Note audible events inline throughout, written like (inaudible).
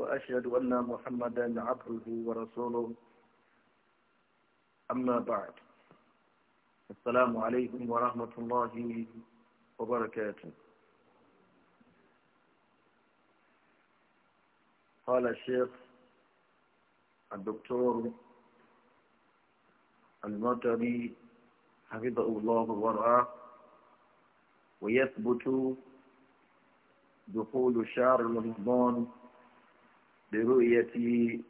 وأشهد أن محمدا عبده ورسوله أما بعد السلام عليكم ورحمة الله وبركاته قال الشيخ الدكتور المطري حفظه الله ورعاه ويثبت دخول شهر رمضان برؤية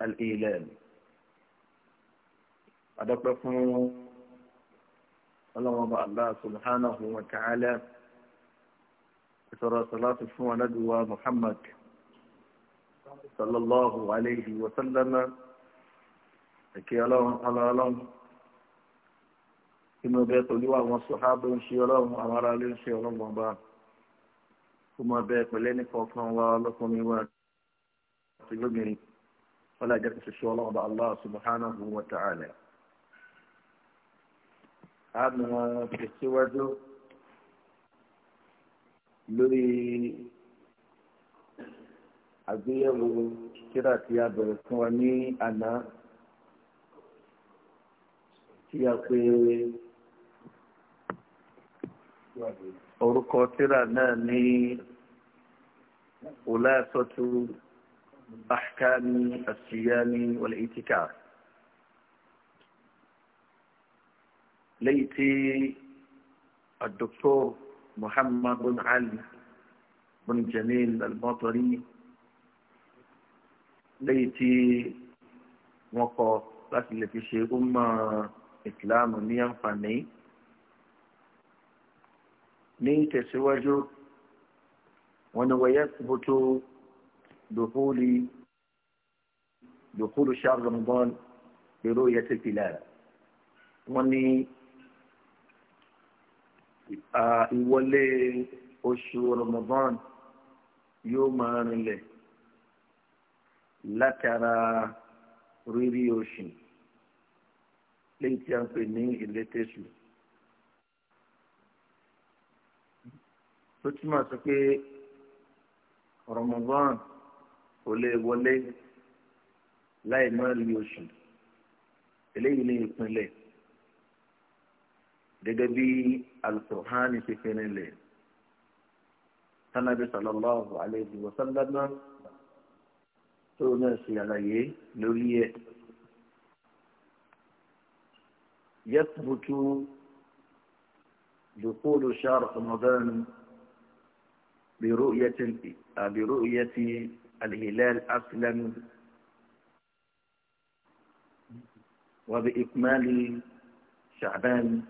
الإيلام أدقفوا الله الله سبحانه وتعالى صلى صلاة ندوى محمد صلى الله عليه وسلم kí ọlọ́run ọlọ́ ọlọ́run inú bẹ́ẹ̀ pẹ̀lú àwọn sọ́hábù ń ṣe ọlọ́run àwọn ará ilé ń ṣe ọlọ́run ọba kó bẹ́ẹ̀ pẹ̀lẹ́ nìkan kan wá ọlọ́kùnrin wa àti lóbìnrin ọlá ìjẹ́ kí ṣoṣo ọlọ́run bá Allah subhanahu wa ta'ala. a mọ tẹ̀síwájú lórí àgbéyẹ̀wò kíra tí a bẹ̀rẹ̀ fún wa ní àná tí a pè orúkọ tíra náà ní ọlá ẹ̀sọ́tún. أحكام الصيام والاعتكاف ليتي الدكتور محمد بن علي بن جميل المطري ليتي وقف لكن في شيء أمة إسلام ميان فني نيتي سواجو ونويثبت دخول دخول شهر رمضان برؤية الهلال wọ́n ní ìwọlé oṣù Ramadan yóò máa rinlẹ̀ látara rírí oṣù léyìí tí a ń pè ní ìlétésù tó túmọ̀ sí pé Ramadan. kò lè wọlé láì má rí oṣù eléyìí ní ìpínlẹ̀ gẹ́gẹ́ bí alukur'ani ti fi lẹ̀ tánàbí sallallahu alayhi wa sallam tó náà ṣe àlàyé lórí ẹ̀ yẹ́tùbùtù دخول شهر رمضان برؤية tí الهلال أصلا وبإكمال شعبان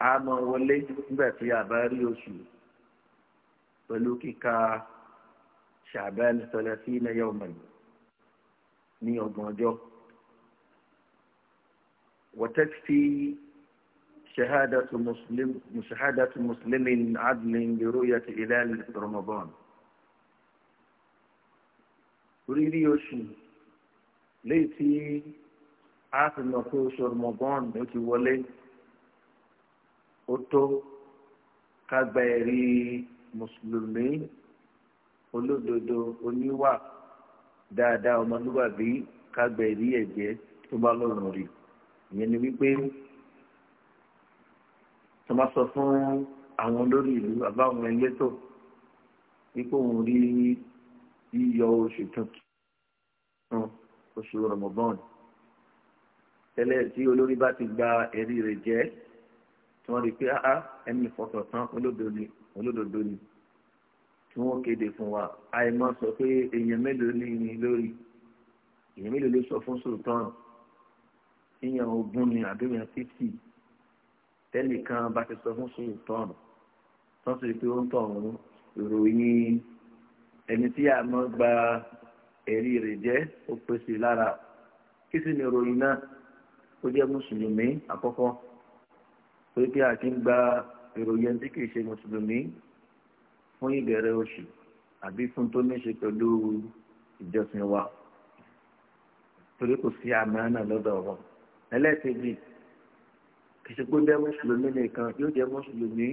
عام وليت بات يا باريوشي ولوكيكا شعبان ثلاثين يوما نيو وجو وتكفي شهادة مسلم مشاهدة مسلم عدل برؤية هلال رمضان oríire oṣù léyìí tí a fi mọ̀ pé oṣù Ramadan ló ti wọlé ó tó ká gba ẹ̀rí mùsùlùmí olódodo oníwà dáadáa ọmọlúwàbí ká gba ẹ̀rí ẹ̀jẹ̀ tó bá lọ́rùn rí ìyẹn ni wípé tó bá sọ fún àwọn olórí ìlú àbáwọn elétò wípé òun rí yíyọ oṣù tuntun oṣù rọmọbọ́ọ̀nù tẹ́lẹ̀ tí olórí bá ti gba ẹ̀rí rẹ̀ jẹ́ tí wọ́n rí pé áá ẹni ìfọ̀tọ̀ tán olódodo ni tí wọ́n kéde fún wa àìmọ́ sọ pé èèyàn mélòó ní ní lórí èèyàn mélòó ló sọ fún sultan èèyàn ogún ni àbí èèyàn fifty tẹ́nìkan bá ti sọ fún sùn tọ̀nù tó sì pé ó ń tọ̀hún ìròyìn ẹni tí a mọ̀ gba ẹ̀rí rẹ̀ jẹ́ ó pèsè lára kí sì ni ìròyìn náà ó jẹ́ mùsùlùmí àkọ́kọ́ pé kí a ti ń gba ìròyìn tí kìí ṣe mùsùlùmí fún ìbẹ̀rẹ̀ oṣù àbí fún tó ní ṣe pẹ̀lú ìjọsìn wa torí kò sí àmì náà lọ́dọ̀ ọ̀rọ̀ ẹlẹ́ẹ̀kejì kìsì pé jẹ́ mùsùlùmí nìkan yóò jẹ́ mùsùlùmí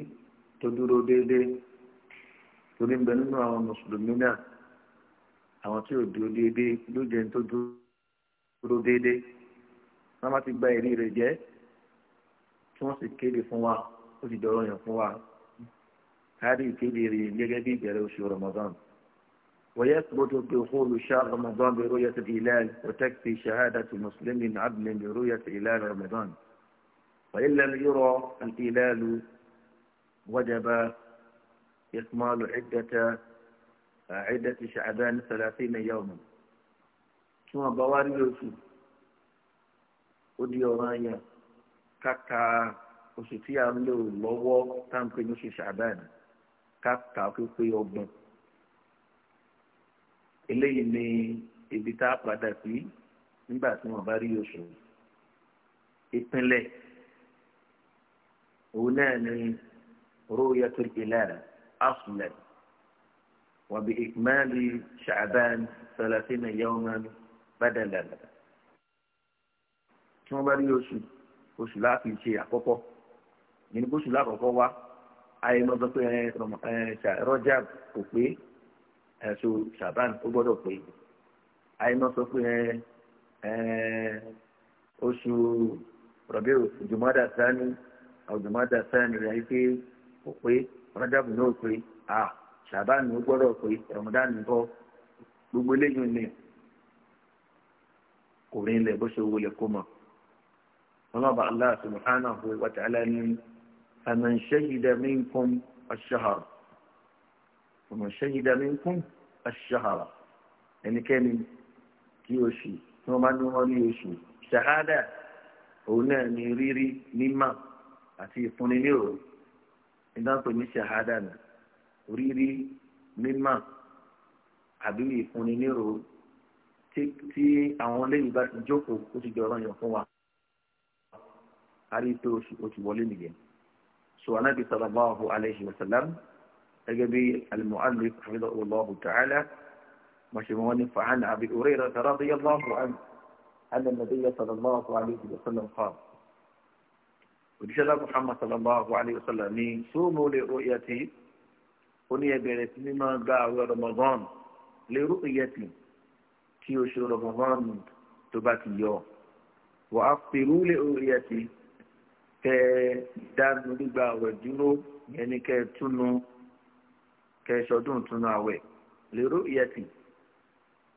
tó dúró déédéé torí ń bẹ nínú àwọn mùsùlùmí náà àwọn tí ò dúró déédéé yóò jẹ́ tó dúró déédéé wọ́n bá ti gba ẹ̀rí rẹ̀ jẹ́ tí wọ́n sì kéde fún wa ó sì dọ̀rọ̀ yàn fún wa káàdì ìkéde rẹ̀ gẹ́gẹ́ bí ìbẹ̀rẹ̀ oṣù Ramadan ويثبت دخول شهر رمضان برؤية الهلال وتكفي شهادة مسلم عدل برؤية هلال رمضان فإن لم يرى الإلال وجب إكمال عدة عدة شعبان ثلاثين يوما ثم بواري يوسف ودي أورانيا كاكا oṣù tí a ń lò lọ́wọ́ tá à ń pè ní oṣù ṣàbán káàkà pípé ọgbọ̀n eléyìí ni ibi tá a padà sí nígbà tí wọ́n bá rí oṣù ìpínlẹ̀ òun náà ni ru'yatul hilal aslan wa bi ikmali sha'ban salatina yawman badalan tí wọ́n bá rí oṣù oṣù láti ṣe àkọ́kọ́ nínú oṣù lákọ̀ọ́kọ́ wá ayé máa sọ pé rọ́jà kò pé ẹ̀sùn ṣàbán ó gbọ́dọ̀ pé ayé máa sọ pé oṣù rọ̀bì jùmọ́dà sani او زما د فن رايتي خو رجب نو خو اه شعبان نو ګورو خو رمضان نو دوبلې نو نه کوین له بشو ولې کوم الله با الله سبحانه وتعالى فمن شهد منكم الشهر فمن شهد منكم الشهر يعني كان كيوشي ثم نوري يوشي شهادة هنا نيريري مما àti ìfúnnilérò nígbàpè ní ṣahada nù rírí mímọ́ àbí ìfúnnilérò tí àwọn àwọn lẹ́yìn bá ti jókòó ó ti jọ ọ̀rọ̀ yàn fún wa àrí pé ó ti jo oro fun wa ari nìyẹn so anábì sallallahu alayhi wa sallam gẹ́gẹ́ bí al-mu'allif hafidhahullahu ta'ala مشمون فعن أبي هريرة رضي الله عنه أن النبي صلى الله عليه وسلم قال òjíṣẹ́ lábọ̀ Muhammad sallallahu alayhi wa sallam ní sóòmù lè ro ìyàtì ó ní ẹgbẹ̀rẹ̀ sí mímọ́ gba àwẹ̀ Ramadan lè ro ìyàtì kí oṣù Ramadan tó bá ti yọ wà á pèrú lè ro ìyàtì kẹ dánu gbígba àwẹ̀ dúró yẹn ni kẹ túnu kẹ ṣọdún túnu àwẹ̀ lè ro ìyàtì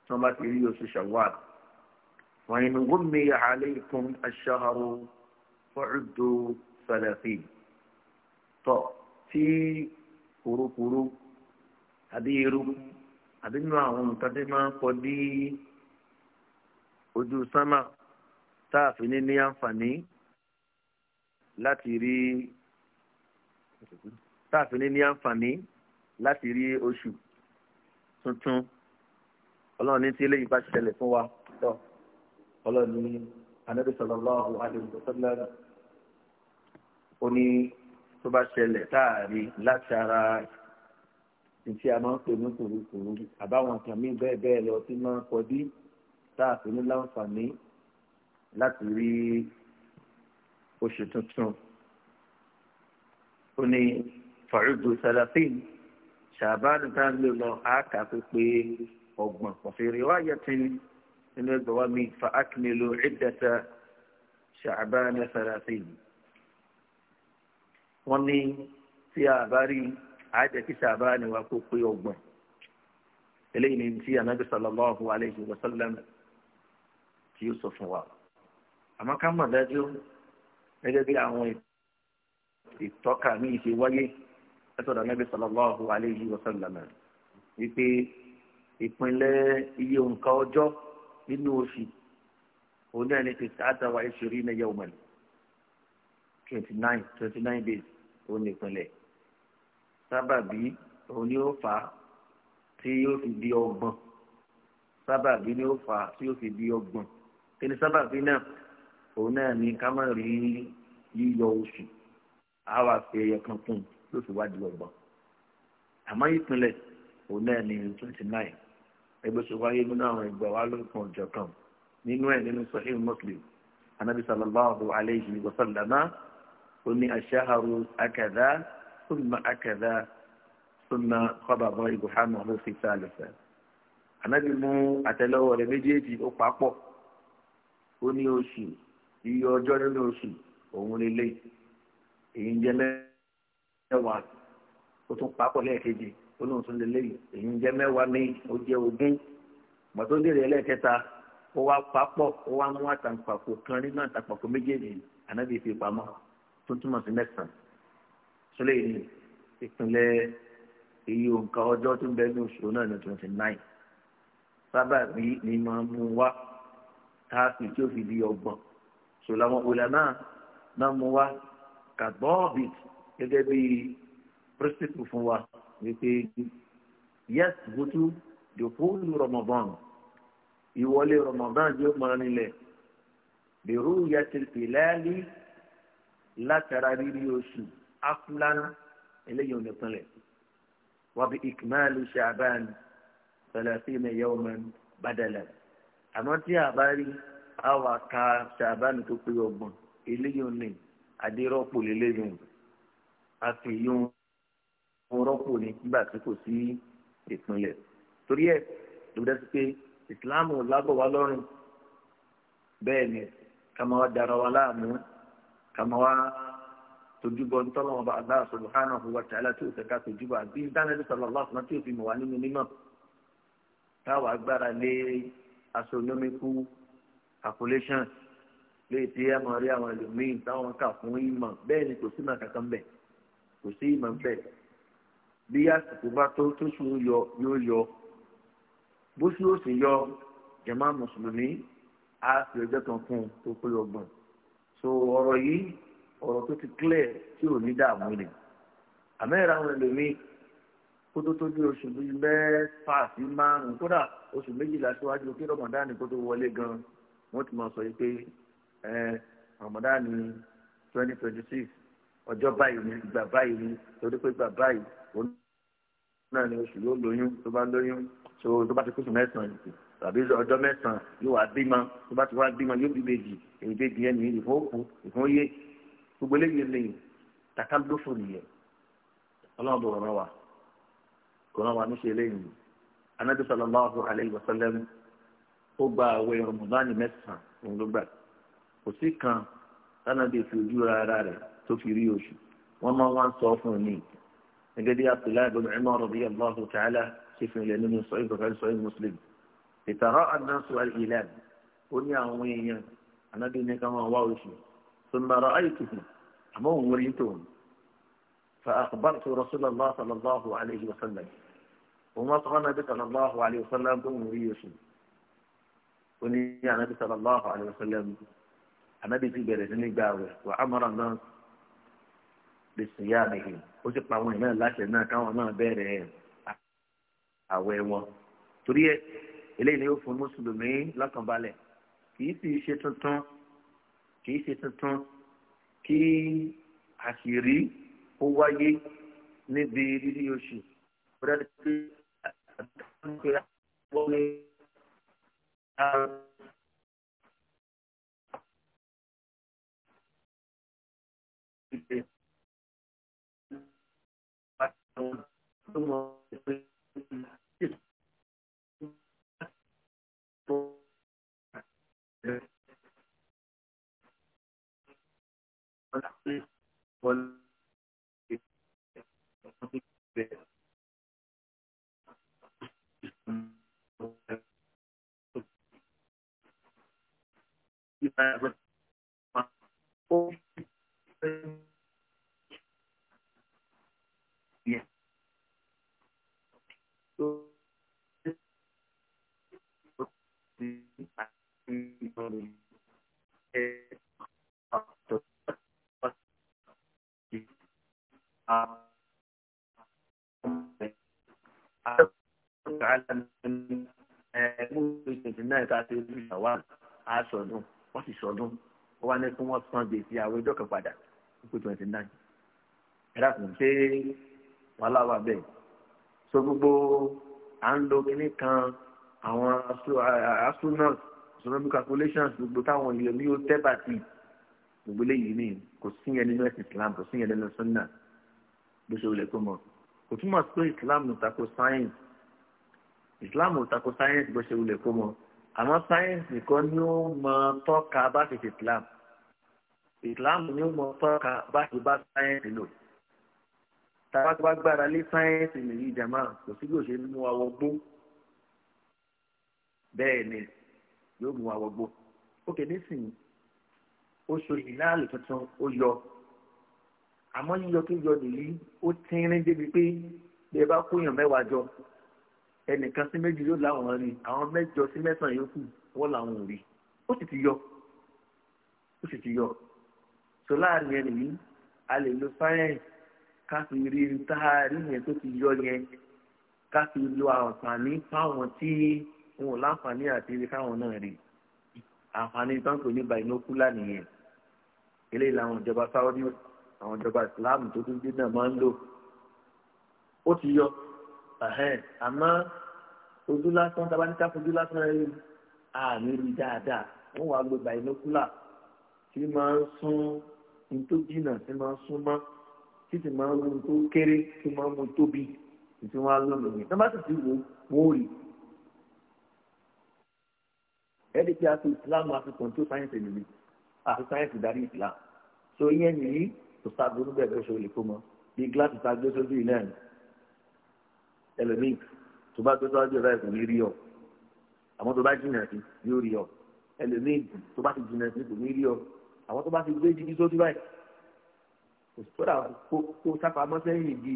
tí wọ́n bá ti rí oṣù Shawwal wọ́n yìí gómìnà àlẹ́ ìkún aṣáhàrò ọ̀dọ̀ sàlàfì tọ̀ tí kurukuru àbí eruku àbí nínú àwọn nǹkan tí máa ń kọ dí ojú sánmà tá a fi ní ní àǹfààní láti rí tá a fi ní ní àǹfààní láti rí oṣù tuntun ọlọ́run ní tí eléyìí bá ṣẹlẹ̀ fún wa tọ́ ọlọ́run ní anábìsọ̀lọ́lá ọ̀hún adébùsọ̀lá ó ní tó bá ṣẹlẹ̀ táàrí látara tí a máa ń pè ní kùrukùru àbáwọn nǹkan mí bẹ́ẹ̀ bẹ́ẹ̀ lọ tí máa ń kọjú táàfin ní láǹfààní láti rí oṣù tuntun ó ní fàrúgbò sàlàfín ṣàbánu tá à ń lò lọ àáká pípé ọgbọ̀n òfèrè wáyé tí nínú ẹgbẹ̀wá mi fa akínelo ẹ̀dẹ́ta ṣàbánu sàlàfín wọ́n ní tí a bá rí àìjẹ́ kí sàbá ni wàá kó pé ọgbọ̀n eléyìí ni tí anabi sallallahu alayhi wa sallam tí ó sọ fún wa àmọ́ ká mọ̀ dájú gẹ́gẹ́ bí àwọn ìtọ́ka mi ṣe wáyé látọ̀dọ̀ anabi sallallahu alayhi wa sallam wípé ìpínlẹ̀ iye òǹkà ọjọ́ nínú oṣù òun náà ní àtàwà ìṣòrí ní yawman twenty nine twenty nine days òun nìpínlẹ̀ sábàbí òun ni ó fà á tí yóò fi di ọgbọ̀n sábàbí ni ó fà á tí yóò fi di ọgbọ̀n kí ni sábàbí náà òun náà ni ká má rí yíyọ oṣù àwa fi ẹyọ kan kún ló fi wá di ọgbọ̀n àmọ́ ìpínlẹ̀ òun náà ni twenty nine ẹgbẹ́ sọ wáyé nínú àwọn ẹgbẹ́ wa lóògùn ọjọ́ kan nínú ẹ̀ nínú Sahih Muslim anabi sallallahu alayhi wa sallam ó ní aṣáharu akadá súnmọ́ akadá súnmọ́ kọ́bàbọ̀ ibùhámà ló fi sá lọ́sẹ̀. ànábì mú àtẹ́lẹwọ́ rẹ̀ méjèèjì ó papọ̀ ó ní oṣù iye ọjọ́ nínú oṣù òun lélẹ̀ èyí ń jẹ́ mẹ́wàá ó tún papọ̀ lẹ́ẹ̀kejì ó lóun tún lélẹ̀ èyí ń jẹ́ mẹ́wàá míì ó ogún gbàtó lè rẹ lẹ́ẹ̀kẹta ó wá papọ̀ ó wá mú àtàǹpàkò kan nínú àtàǹpàkò méjèèjì ànábì fi pamọ́ tó túmọ̀ sí mẹ́sàn-án sílẹ̀ ní ìpínlẹ̀ èyí òǹkà ọjọ́ tó ń bẹ ní oṣù náà ní twenty nine sábà bí ni máa mú wá táàpì tí ó fi di ọgbọ̀n ṣòlámọ́ òlànà náà mú wá kàgbọ́ọ̀bì gẹ́gẹ́ bí prínsípù fún wa wípé yẹ́sì bútú dòkúlù rọmọbọ́n ìwọlé rọmọbọ́n yóò mọ nílẹ̀ bẹ̀rù yẹtìlì pẹ̀lẹ́lì látara rírí oṣù afúlánú eléyìí ò ní pinlẹ̀ wàbí ìkìmáàlì ṣàbán thalathina yawman badala àmọ́ tí a bá rí àwa ka ṣàbán tó pé ọgbọ̀n eléyìí ò ní adérọ́pò lélẹ́yìn àfihàn rọ́pò ní nígbà tí kò sí ìpínlẹ̀ torí ẹ̀ ló sí pé ìsìláàmù lábọ̀ wá lọ́rùn bẹ́ẹ̀ ni ká máa wa láàmú kàmọ́ wá tojúbọ ntọ́lọ́wọ́ bá Allah subhanahu wa ta'ala tí o fẹ́ ká tojúbọ àbí dánilẹ́lẹ́ sallallahu alaihi tí o fi mọ̀ wá nínú mímọ́ táwa agbára lé astronomical calculation lè ti àmọ́ rí àwọn ẹlòmíín táwọn kà fún ìmọ̀ bẹ́ẹ̀ ni kò sí ìmọ̀ kankan bẹ̀ kò sí ìmọ̀ bẹ̀ bí àsìkò bá tó tó sùn yọ yóò yọ bó sì ó sì yọ jàmá mùsùlùmí á fi ọjọ́ kan fún un tó pé ọgbọ̀n so ọ̀rọ̀ yìí ọ̀rọ̀ tó ti clear tí ò ní dààmú ni àmẹ́rẹ́ àwọn ẹlòmíì kó tó tó bí oṣù bíi mẹ́fà sí márùn-ún kódà oṣù méjìlá síwájú kí rọmọdánì kó tó wọlé gan wọ́n ti máa sọ yìí pé rọmọdánì twenty twenty six ọjọ́ báyìí ni ìgbà báyìí ni torí pé ìgbà báyìí òun náà ni oṣù yóò lóyún tó bá lóyún tó bá ti kóṣù mẹ́sàn-án yìí tàbí ọjọ́ mẹ́sàn-án yóò wá bímọ tó bá ti wá bímọ yóò bí bèjì èyí bèjì ẹni ìfowópo ìfowóyé gbogbo eléyìí lè tàkà lófò nìyẹn ọlọ́run bò rán wa kò rán wa níṣẹ́ eléyìí anábì sallallahu alayhi wa sallam ó gba àwẹ̀ rọmọdánì mẹ́sàn-án òun ló gbà kò sí kan tánàbì fi ojú ara rẹ̀ tó fi rí oṣù wọ́n máa wá ń sọ fún un ní gẹ́gẹ́ bí abdullahi bin ìtàrà àdánsù àìlẹ́n ó ní àwọn èèyàn ànábì ní ká máa wá oṣù tó ń bára àìkùkù àmọ́ òun rí tòun fa àkùbárùtù rasulallah sallallahu alayhi wa sallam òun wá sọ́kọ́ nàbí sallallahu alayhi wa sallam tó ń rí oṣù ó ní ànábì sallallahu alayhi wa sallam ànábì ti bẹ̀rẹ̀ sí ní gbààwẹ̀ wà á mọ̀ràn náà lè sìn yá àbẹ̀hì ó sì pa àwọn ìlànà láṣẹ náà káwọn náà bẹ̀rẹ̀ àwẹ̀ wọn torí ẹ̀ eléyìí ni yóò fún mùsùlùmí lọ́kànbalẹ̀ kìí sì ṣe tuntun kìí ṣe tuntun kí àṣírí ó wáyé níbi rírí oṣù bọ́dá pé àtúntò wọlé àrùn. Thank you. one yeah. aṣọdún wọ́n sì ṣọdún wọ́n wá ní kí wọ́n san gbèsè àwọn ẹjọ́ kan padà nípò twenty nine ẹ̀dá kò ṣe wọ́n láwà bẹ́ẹ̀ so gbogbo à ń lo kínní kan àwọn astronaut astronomical calculations gbogbo táwọn ilé mi ò tẹ́ bá ti gbogbo eléyìí ni kò sí yẹn nínú ẹ̀sìn Islam kò sí yẹn nínú sunnah bó ṣe wulẹ̀ tó mọ̀ kò túmọ̀ pé islam ò tako science islam ò tako science bó ṣe wulẹ̀ tó mọ̀ àmọ́ science nìkan ni ó mọ tọ́ka bá ti ṣe islam islam ni ó mọ tọ́ka bá ti bá science lò tàbá tó bá gbára lé sáyẹ́ǹsì nìyí jàmá kò sí bí ó ṣe mú wa wọgbó bẹ́ẹ̀ ni yóò mú wa wọgbó ókè nísìnyí ó so ìlàlẹ̀ tuntun ó yọ àmọ́ yíyọ tó yọ nìyí ó tínrín débi pé bí ẹ bá kóyàn mẹ́wàá jọ ẹnìkan sí méjì yóò láwọn rí àwọn mẹ́jọ sí mẹ́sàn-án yòókù wọ́n làwọn ò rí ó sì ti yọ ó sì ti yọ so láàrin ẹni yìí a lè lo sáyẹ́ǹsì ká fi rí táàrí yẹn tó ti yọ yẹn ká fi lo àǹfààní fáwọn tí wọn ò láǹfààní àti rí fáwọn náà rí àǹfààní tó ń pè ní binocular nìyẹn eléyìí làwọn ìjọba sáwọ́dí àwọn ìjọba Islam tó tún dé náà máa ń lò ó ti yọ àmọ́ ojú lásán tá a bá ní ká fojú lásán rẹ yìí àmì rí dáadáa wọ́n wàá lo bàínókúlà tí máa ń sún ní tó jìnnà tí máa ń sún mọ́ tí máa ń mú tó kéré tí máa ń mú tóbi tí wọ́n á lò lòyìn tí wọ́n bá sì ti wò wọ́n rí ẹni tí a fi islam a fi kàn tó sáyẹ̀nsì nìyí a sáyẹ̀nsì darí islam so ìyẹn nìyí kò sáàbùrú bẹ́ẹ̀ bó ṣe olè kó mọ bí gíláàsì tá a gbé sójú ilé ẹ̀ ẹlòmíì tó bá gbé sójú ọ̀rẹ́ kò ní rí ọ àwọn tó bá jìnnà sí yóò rí ọ ẹlòmíì tó bá ti jìnnà sí kò ní rí ọ àwọn tó bá ti gbé jíjí sójú báyìí kò sí kódà kó sápamọ́ sẹ́yìn igi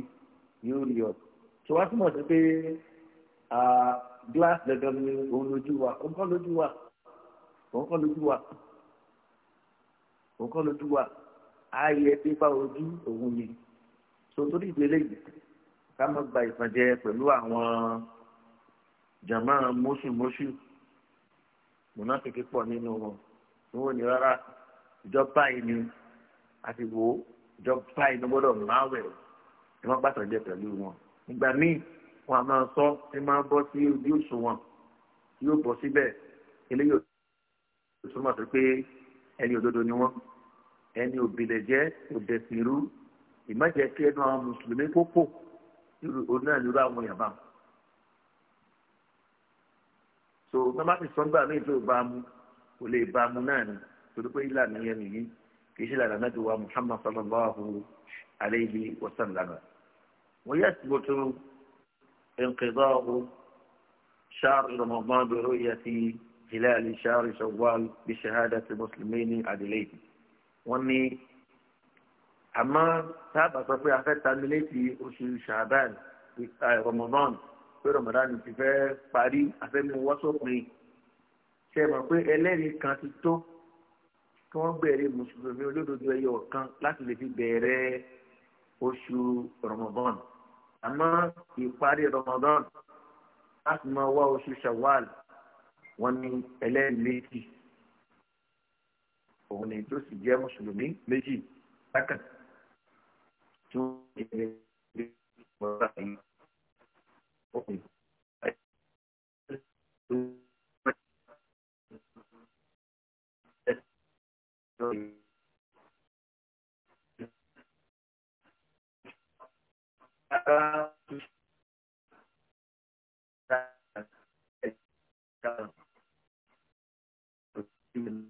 yóò rí ọ tó wá túmọ̀ sí pé gíláàsì dandan ni òun lójú wa òun kọ́ lójú wa òun kọ́ lójú wa òun kọ́ lójú wa ààyè pípa ojú òun ni sotori ìgbélé yìí ká má gba ìfànjẹ pẹ̀lú àwọn jàmá mọ́ṣùmọ́ṣù mọ̀nàkìkì pọ̀ nínú wọn níwọ̀n ní rárá ìjọ báyìí ni àti wò ó ìjọ báyìí ni gbọ́dọ̀ máa wẹ̀ ẹ má gbàtàn jẹ pẹ̀lú wọn ìgbà míì wọn a máa sọ ẹ máa bọ́ sí ojú òṣùwọ̀n yóò bọ́ síbẹ̀ eléyìí ò túmọ̀ sí pé ẹni òdodo ni wọ́n ẹni òbílẹ̀ jẹ́ òdẹ̀sìnrú ìmọ̀jẹ̀ kí ẹnu àwọn mùsùlùmí pópò òun náà nírú àwọn yàrá so tọ́mátì sọ́ngbà míì tó bá mu kò lè bá mu náà ni torí pé ìlànà yẹn nìyí kì í ṣe ìlànà náà ti wá Muhammad sallallahu alayhi wa sallam wọ́n yẹ ti gbọ́tò انقضاء شهر رمضان برؤية هلال شهر شوال بشهادة المسلمين عدلين wọ́n ní àmọ́ sábà sọ pé a fẹ́ tamilétì oṣù ṣàbàn eh, rọmọdán pé rọmọdán ti fẹ́ parí afẹ́mi wọ́sọ̀pin ṣe mọ̀ pé ẹlẹ́rìí kan ti tó kí wọ́n bẹ̀rẹ̀ mùsùlùmí olódodo ẹyọ kan láti lè fi bẹ̀rẹ̀ oṣù rọmọdán àmọ́ ìparí rọmọdán láti máa wá oṣù ṣàwàl wọ́n ní ẹlẹ́rìí méjì òun ni tó sì jẹ́ mùsùlùmí méjì bákan tí wọ́n ti ní ilé ìwọ́ra yìí Thank you.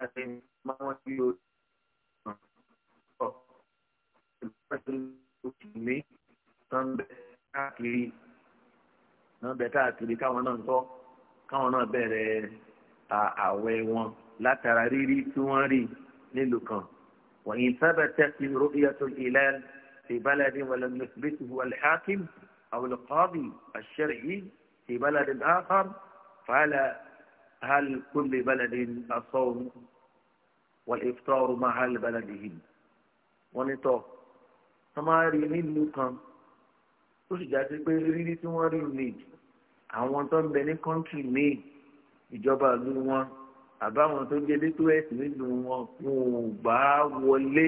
and someone you oh, the person looking me tán káàkiri tán bẹ káàkiri káwọn náà ń kọ káwọn náà bẹ̀rẹ̀ àwẹ̀ wọn látara rírí tí wọ́n rí nílùú kan wọ̀nyí sábà tẹ́sí ru'yatul hilal fi baladin wàlẹ̀ mẹ́sìlẹ́sì wàlẹ̀ hakim aw al-qadi al-shar'i fi baladin akhar هل كل بلد الصوم والإفطار مع هل بلدهم ونطاق tọ́mọ́ rí nílùú kan ó sì jáde pé rírí tí wọ́n rí ní àwọn tó ń bẹ ní kọ́ńtì míì ìjọba ìlú wọn àbáwọn tó jẹ́ létò ẹ̀sìn nílùú wọn wọn ò gbà á wọlé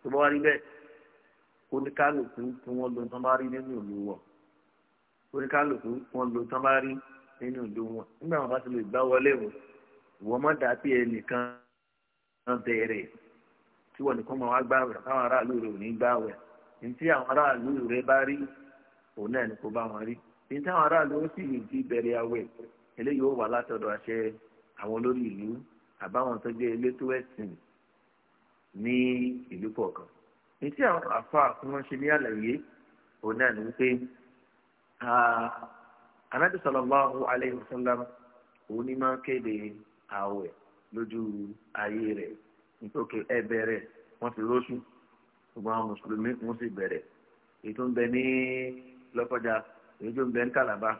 tó bá wá rí bẹ́ẹ̀ oníkálùkù tí wọ́n lo tọ́mọ́ rí nínú ìlú wọn oníkálùkù wọ́n lo tọ́mọ́ rí nínú ìlú wọn nígbà wọn bá ti lè gbá wọlé wọn ìwọ má dà bí ẹnìkan náà bẹ̀rẹ̀ tí wọn nìkan máa wá gbààwẹ̀ káwọn aráàlú rẹ ò ní gbààwẹ̀ ní tí àwọn aráàlú rẹ bá rí òun náà ni kò bá wọn rí ní tí àwọn aráàlú ó sì lè fi bẹ̀rẹ̀ àwẹ̀ eléyìí ó wà látọ̀dọ̀ àṣẹ àwọn olórí ìlú àbáwọn tó gbé elétò ẹ̀sìn ní ìlú kọ̀ọ̀kan ní tí àwọn àfa àfúnmọ́ṣe ní àlàyé òun náà ni wípé anabi sallallahu alayhi wa sallam òun ni máa kéde ààwẹ̀ lójú ayé rẹ̀ nítorí ẹ bẹ̀rẹ̀ wọ́n ti lóṣù gbogbo àwọn mùsùlùmí wọ́n sì bẹ̀rẹ̀ èyí tó ń bẹ ní lọ́kọjá èyí tó ń bẹ ní kàlàbà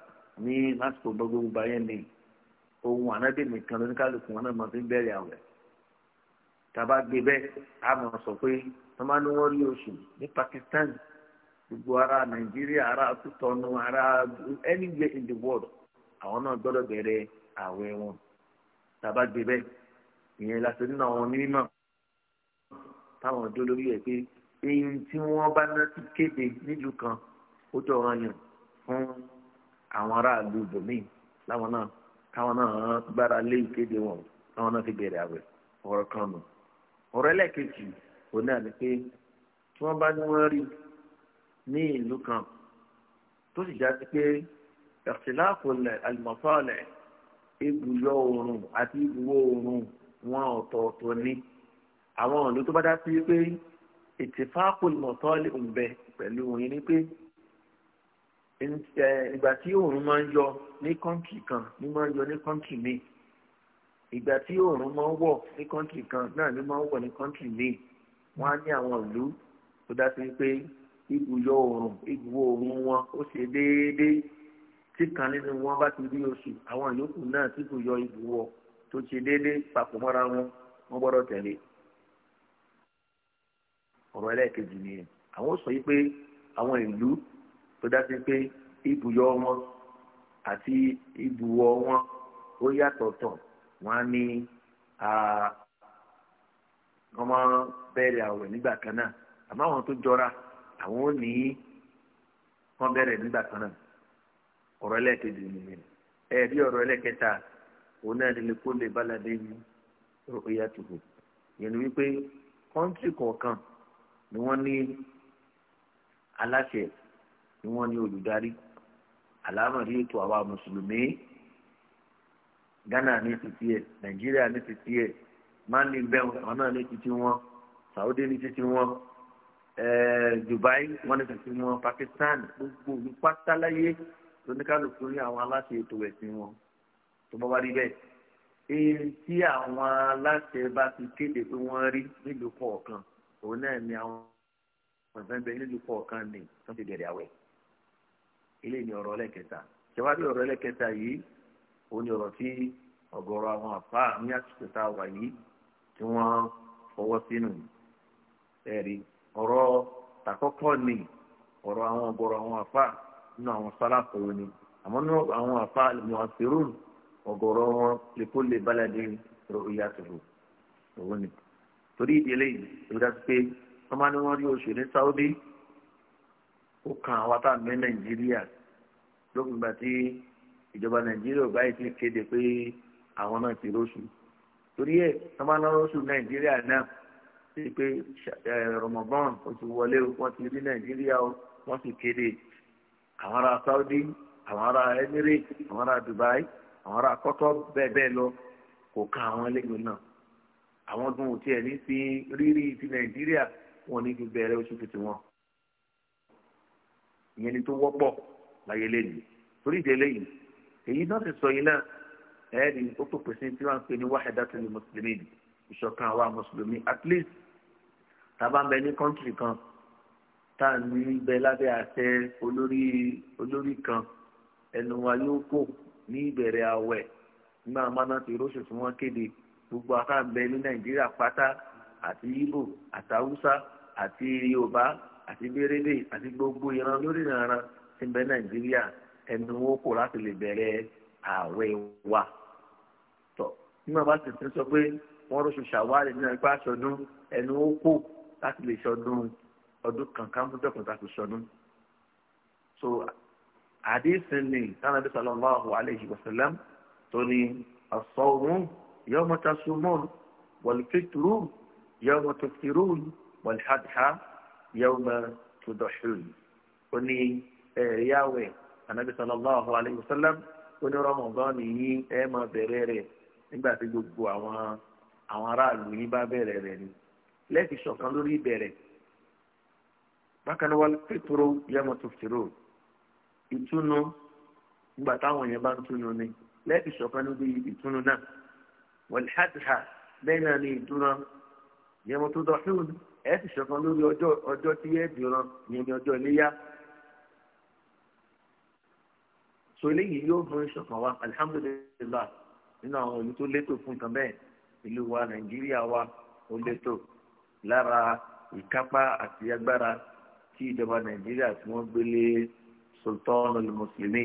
ní lásìkò gbogbo báyẹn ni ohun anabi nìkan lóníkàlùkù wọn náà máa fi bẹ̀rẹ̀ ààwẹ̀ tàbá gbé bẹ́ẹ̀ a sọ pé wọ́n máa ní wọ́n rí oṣù ní Pakistan gbogbo ará nàìjíríà ará tutọnu ará anywhere in the world àwọn náà gbọ́dọ̀ bẹ̀rẹ̀ àwẹ̀ wọn tàbá gbé bẹ ìyẹn la ṣe nínú àwọn onímọ̀ táwọn dó lórí ẹ pé eyín tí wọ́n bá ná ti kéde nílùú kan ó jọ ọ̀ràn yàn fún àwọn aráàlú ibòmíì láwọn náà káwọn náà gbára lé ìkéde wọn káwọn náà fi bẹ̀rẹ̀ àwẹ̀ ọ̀rọ̀ kan nù ọ̀rọ̀ ẹlẹ́ẹ̀kejì òun náà ni pé tí wọ́n bá ní wọ́n rí i ní ìlú kan tó sì já sí pé ẹ̀sìláàfù àlùmọ̀sọ́ọ̀lẹ̀ ibùyọ oòrùn àti ibùwọ̀ oòrùn wọn ọ̀tọ̀ọ̀tọ̀ ni àwọn ọ̀nà tó bá dá sí pé ìtìfáàkù àlùmọ̀sọ́ọ̀lẹ̀ ń bẹ pẹ̀lú òyìn ni pé ìgbà tí oòrùn máa ń yọ ní kọ́ńtì kan ní máa ń yọ ní kọ́ńtì míì ìgbà tí oòrùn máa ń wọ̀ ní kọ́ńtì kan náà ní máa ń wọ̀ ní kọ́ńtì míì wọ́n á ní àwọn ìlú tó dá sí pé ibùyọ oòrùn ibùwọ̀ oòrùn wọn ó ṣe déédéé tí kan nínú wọn bá ti rí oṣù àwọn yòókù náà tí ibùyọ ibùwọ̀ tó ṣe déédéé papọ̀ mọ́ra wọn wọ́n gbọ́dọ̀ tẹ̀lé ọ̀rọ̀ ẹlẹ́ẹ̀kejì ni àwọn sọ yìí pé àwọn ìlú tó dá sí pé ibùyọ wọn àti ibùwọ̀ wọn ó yàtọ̀tọ̀ wọn á ní wọ́n máa bẹ̀rẹ̀ àwẹ̀ nígbà kan náà àmọ́ àwọn tó jọra àwọn ò ní wọ́n bẹ̀rẹ̀ nígbà kan náà ọ̀rọ̀ ẹlẹ́ẹ̀kejì nìyẹn ẹ̀rí ọ̀rọ̀ ẹlẹ́ẹ̀kẹta òun náà nílé kó lè bálàdé ní rògbòyà tòkò yẹn ni wípé kọ́ńtì kọ̀ọ̀kan ni wọ́n ní aláṣẹ ni wọ́n ní olùdarí àlámọ̀rí ètò àwa mùsùlùmí Ghana ní títí ẹ̀ Nàìjíríà ní títí ẹ̀ Mali bẹ́ẹ̀ àwọn náà ní títí wọn Saudi ní títí wọn Eh, Dubai wọ́n ní kàkiri wọn Pakistan gbogbo òbí pátáláyé lóníkàlùkù ní àwọn aláṣẹ ètò ẹ̀sìn wọn tó bá wá rí bẹ́ẹ̀ èyí tí àwọn aláṣẹ bá ti kéde pé wọ́n rí nílùú kọ̀ọ̀kan òun náà ni àwọn ọ̀sẹ̀ǹbẹ̀ nílùú kọ̀ọ̀kan ni wọ́n ti bẹ̀rẹ̀ àwẹ̀ ilé ni ọ̀rọ̀ ẹlẹ́kẹta ṣèwádìí ọ̀rọ̀ ẹlẹ́kẹta yìí òun ni ọ̀rọ̀ tí ọ̀gọ̀rọ̀ àwọn àfa ní àtúntò tá a wà yìí tí wọ́n fọwọ́ sínú ẹ̀rí ọ̀rọ̀ tàkọ́kọ́ ni ọ̀rọ̀ àwọn ọ̀gọ̀rọ̀ àwọn àfa nínú àwọn sálàfò ni àmọ́ nínú àwọn àfa muhasirun ọ̀gọ̀rọ̀ wọn lèpo lè balàdé ro ìyá tòrò òun ni torí ìdílé yìí ló dájú pé wọ́n máa ní wọ́n rí oṣù ní Saudi ó kan àwọn tá a mẹ́ Nàìjíríà lókun ìgbà tí ìjọba Nàìjíríà ò báyìí ti kéde pé àwọn náà ti róṣù torí ẹ̀ wọ́n máa ń lọ́rọ́ oṣù Nàìjíríà náà sí pé Ramadan ó ti wọlé wọ́n ti rí Nàìjíríà o wọ́n sì kéde àwọn ará Saudi àwọn ará Emirates àwọn ará Dubai àwọn ará kọ́tọ́ bẹ́ẹ̀ bẹ́ẹ̀ lọ kò ká àwọn lẹ́yìn náà àwọn ọdún òtí ẹ̀ ní fi rírì ti Nàìjíríà wọn ní fi bẹ̀rẹ̀ oṣù tuntun wọn ìyẹn ni tó wọ́pọ̀ láyé lẹ́yìn torí ìdí eléyìí èyí náà ti sọ yìí náà ẹ̀ẹ́dì ó tó pèsè tí wọ́n pè ní wahdatul muslimin ìṣọ̀kan àwa mùsùlùmí at least tábà ń bẹ ní kọ́ńtìrì kan tá à ń bẹ lábẹ́ àṣẹ olórí olórí kan ẹnu wa yóò kò ní ìbẹ̀rẹ̀ àwẹ̀ nígbà máná ti róṣù tí wọ́n kéde gbogbo akáǹbẹ ní nàìjíríà pátá àti ibo àti haúsá àti yorùbá àti bérébè àti gbogbo ìran lórí ìran ti bẹ nàìjíríà ẹnu wo kò láti lè bẹ̀rẹ̀ àwẹ̀ wa tọ́ nígbà bá sì ti sọ pé wọ́n róṣù ṣàwárí ní ẹgbẹ́ àṣọdún ẹnu wo kò láti lè ṣọdún ọdún kankan fún dọ́kùn tàbí ṣọdún. so àdéhùn ni tánàbí sallallahu alayhi wa sallam tó ní as-sawmu yawma tasumun wal-fitru yawma tuftirun wal-adha yawma tudhhun. ó ní ẹ̀ẹ́yàwẹ̀ tánàbí sallallahu alayhi wa sallam ó ní Ramadan yìí ẹ̀ máa bẹ̀rẹ̀ rẹ̀ nígbà tí gbogbo àwọn àwọn aráàlú yìí bá bẹ̀rẹ̀ rẹ̀ ni. lẹ́ẹ̀kì ṣọ̀kan lórí ìbẹ̀rẹ̀ bákan náà wà ìtúnu nígbà táwọn yẹn bá ń túnu ni lẹ́ẹ̀kì ṣọ̀kan lórí ìtúnu náà wọ̀lẹ̀ hàtìhà bẹ́ẹ̀ náà ni ìtúnu yẹ́mọ̀ tó dọ̀hún ẹ̀ẹ́kì lórí ọjọ́ tí yẹ́ dìran yẹn ni ọjọ́ iléyà so eléyìí yóò fún ìṣọ̀kan wa alihamudulilayi nínú àwọn ìlú tó fún nǹkan bẹ́ẹ̀ ìlú wa nàìjíríà wa ó lára ìkápá àti agbára tí ìjọba nàìjíríà tí wọ́n gbélé sultan olùmùsùlùmí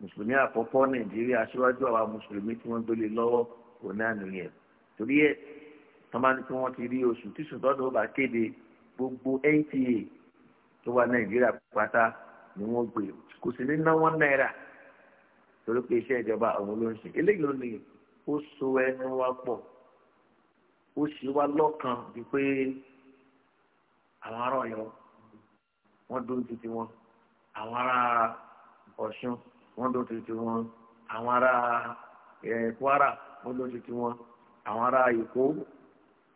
mùsùlùmí àkọ́kọ́ nàìjíríà aṣíwájú àwa mùsùlùmí tí wọ́n gbélé lọ́wọ́ òun náà nìyẹn torí ẹ̀ tọ́ máa ní kí wọ́n ti rí oṣù tí sultan ọba kéde gbogbo nta tó wà nàìjíríà pátá ni wọ́n gbé kò sì ní náwó náírà torí pé iṣẹ́ ìjọba àwọn ló eléyìí ló ní ó so ẹnu wa pọ̀ ó ṣe wá lọ́kàn bíi pé àwọn ará Ọ̀yọ́ wọ́n dún títí wọn àwọn ará Ọ̀ṣun wọ́n dún títí wọn àwọn ará Kwara wọ́n dún títí wọn àwọn ará Èkó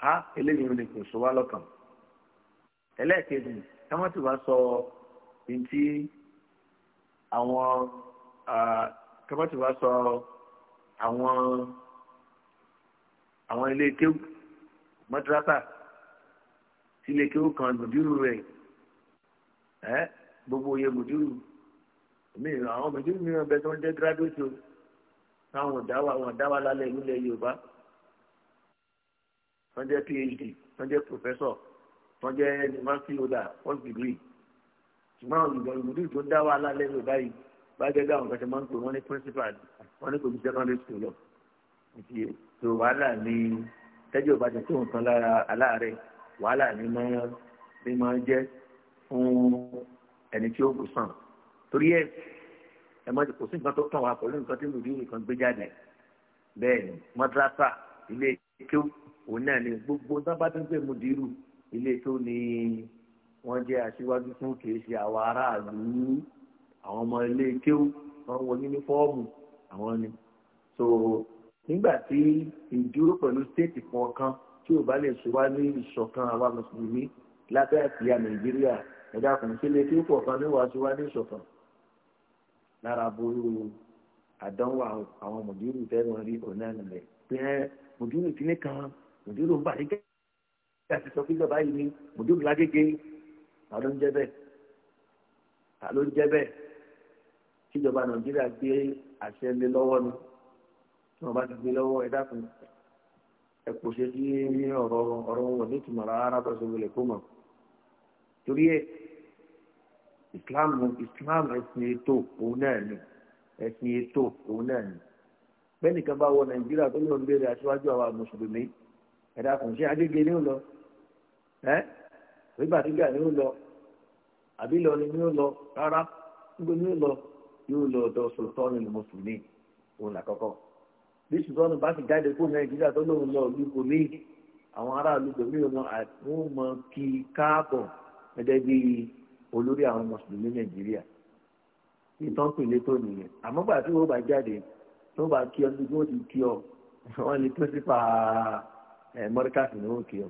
á eléyìí ni kò sọ wá lọ́kàn ẹlẹ́ẹ̀kejì táwọn wá sọ ntí àwọn táwọn wá sọ àwọn àwọn ilé kéwù mọ́tíráṣà sílé kéwù kan gbòdúrú rẹ̀ ẹ́ gbogbo oyè gbòdúrú mi àwọn gbòdúrú mìíràn bẹ tó ń jẹ́ gírádùtì o táwọn ọ̀dáwà àwọn ọ̀dáwà lálẹ́ ìlúlẹ̀ Yorùbá wọ́n jẹ́ PhD wọ́n jẹ́ professor wọ́n jẹ́ university holder first degree ṣùgbọ́n àwọn ìgbọ̀n ìgbòdì tó dá wà lálẹ́ ló báyìí bá gẹ́gẹ́ àwọn kan máa ń pè wọ́n ní principal wọ́n ní kò ní secondary school lọ. so wàhálà ni tẹ́jú ọba ti tó nǹkan lára aláàárẹ̀ wàhálà ni máa ń jẹ́ fún ẹni tí ó kù sàn torí ẹ ẹ má kò sí nǹkan tó kàn wá pẹ̀lú nǹkan tí mo rí nǹkan gbé jáde bẹ́ẹ̀ ni madrasa ilé kíó òun náà ni gbogbo tó bá ti ń pè mo dìrú ilé tó ni wọ́n jẹ́ aṣíwájú fún kì ṣe àwọn aráàlú àwọn ọmọ ilé kíó wọ́n wọ yúnífọ́ọ̀mù àwọn ni so nígbà tí ìdúró pẹ̀lú stéètì kọ̀ọ̀kan tí ò bá lè so wá ní ìṣọ̀kan àwa mùsùlùmí lábẹ́ àkìyà nàìjíríà ẹ̀dá kùn sílé tí ó pọ̀ kan níwàá so wá ní ìṣọ̀kan lára burú àdánwò àwọn mùdírù tẹ́wọ̀n rí ọ̀nà ìlẹ̀ pé mùdírù tí nìkan mùdírù ń bà ní kẹ́kẹ́ àti sọ fíjọba yìí ni mùdírù lágége àló ń jẹ́ bẹ́ẹ̀ àló ń jẹ́ bẹ́ẹ̀ tíjọba nàìjíríà gbé àṣẹ lé lọ́wọ́ ni tí wọ́n bá ti gbé lọ́wọ́ ẹ dákun ẹ kò ṣe kí ní ọ̀rọ̀ ọ̀rọ̀ wọn ní ìtumọ̀ rárá bá ṣe wọlé kó mọ̀ torí ẹ islam islam ẹ̀sìn ètò òun náà ni ẹ̀sìn ètò òun náà ni bẹ́ẹ̀ nìkan bá wọ nàìjíríà tó lóun béèrè aṣíwájú àwa mùsùlùmí ẹ dákun ṣé adége ni ó lọ ẹ rìbàdìgà ni ó lọ àbí lọ ni ni ó lọ rárá nígbà ni ó lọ yóò lọ ọ̀dọ̀ sọlọtọ ni mùsùlùmí òun làkọ́kọ́ bí ṣùgbọ́n bá ti jáde kó nàìjíríà tó lóun lọ ìlú kò ní àwọn aráàlú pẹ̀lú ìwọn àtúnmọ̀ kí káàbọ̀ gẹ́gẹ́ bí olórí àwọn mùsùlùmí nàìjíríà ìtàn pèlè tó nìyẹn àmọ́ gbà tí wọ́n bá jáde tó bá kí ọ nígbà ó ti kí ọ wọ́n lè pírísípà mọ́ríkàsì ni wọ́n kí ọ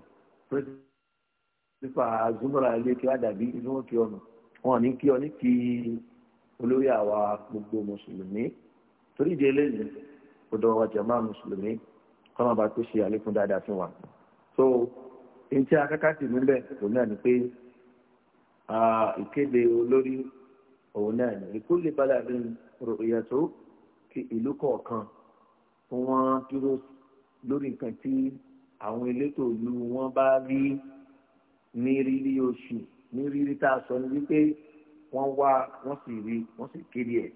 pírísípà zúmọ́ra ilé kí wọ́n dàbí ni wọ́n kí ọ nù wọ́n ní kí ọ ní kí olórí àwa gbogbo mùsùlùmí torí ìdí eléyìí ọ̀dọ̀ wa jàmá mùsùlùmí kọ́nà bá tó ṣe àlékún dáadáa fún wa so èyí tí akáká sì níbẹ̀ òun náà ni pé ìkéde olórí òun náà ni ìkúlẹ̀ bala ní ròyìn tó kí ìlú kọ̀ọ̀kan wọ́n dúró lórí nǹkan tí àwọn elétò ìlú wọn bá rí ní rírí oṣù ní rírí tá a sọ ni wípé wọ́n wá wọ́n sì rí wọ́n sì kéde ẹ̀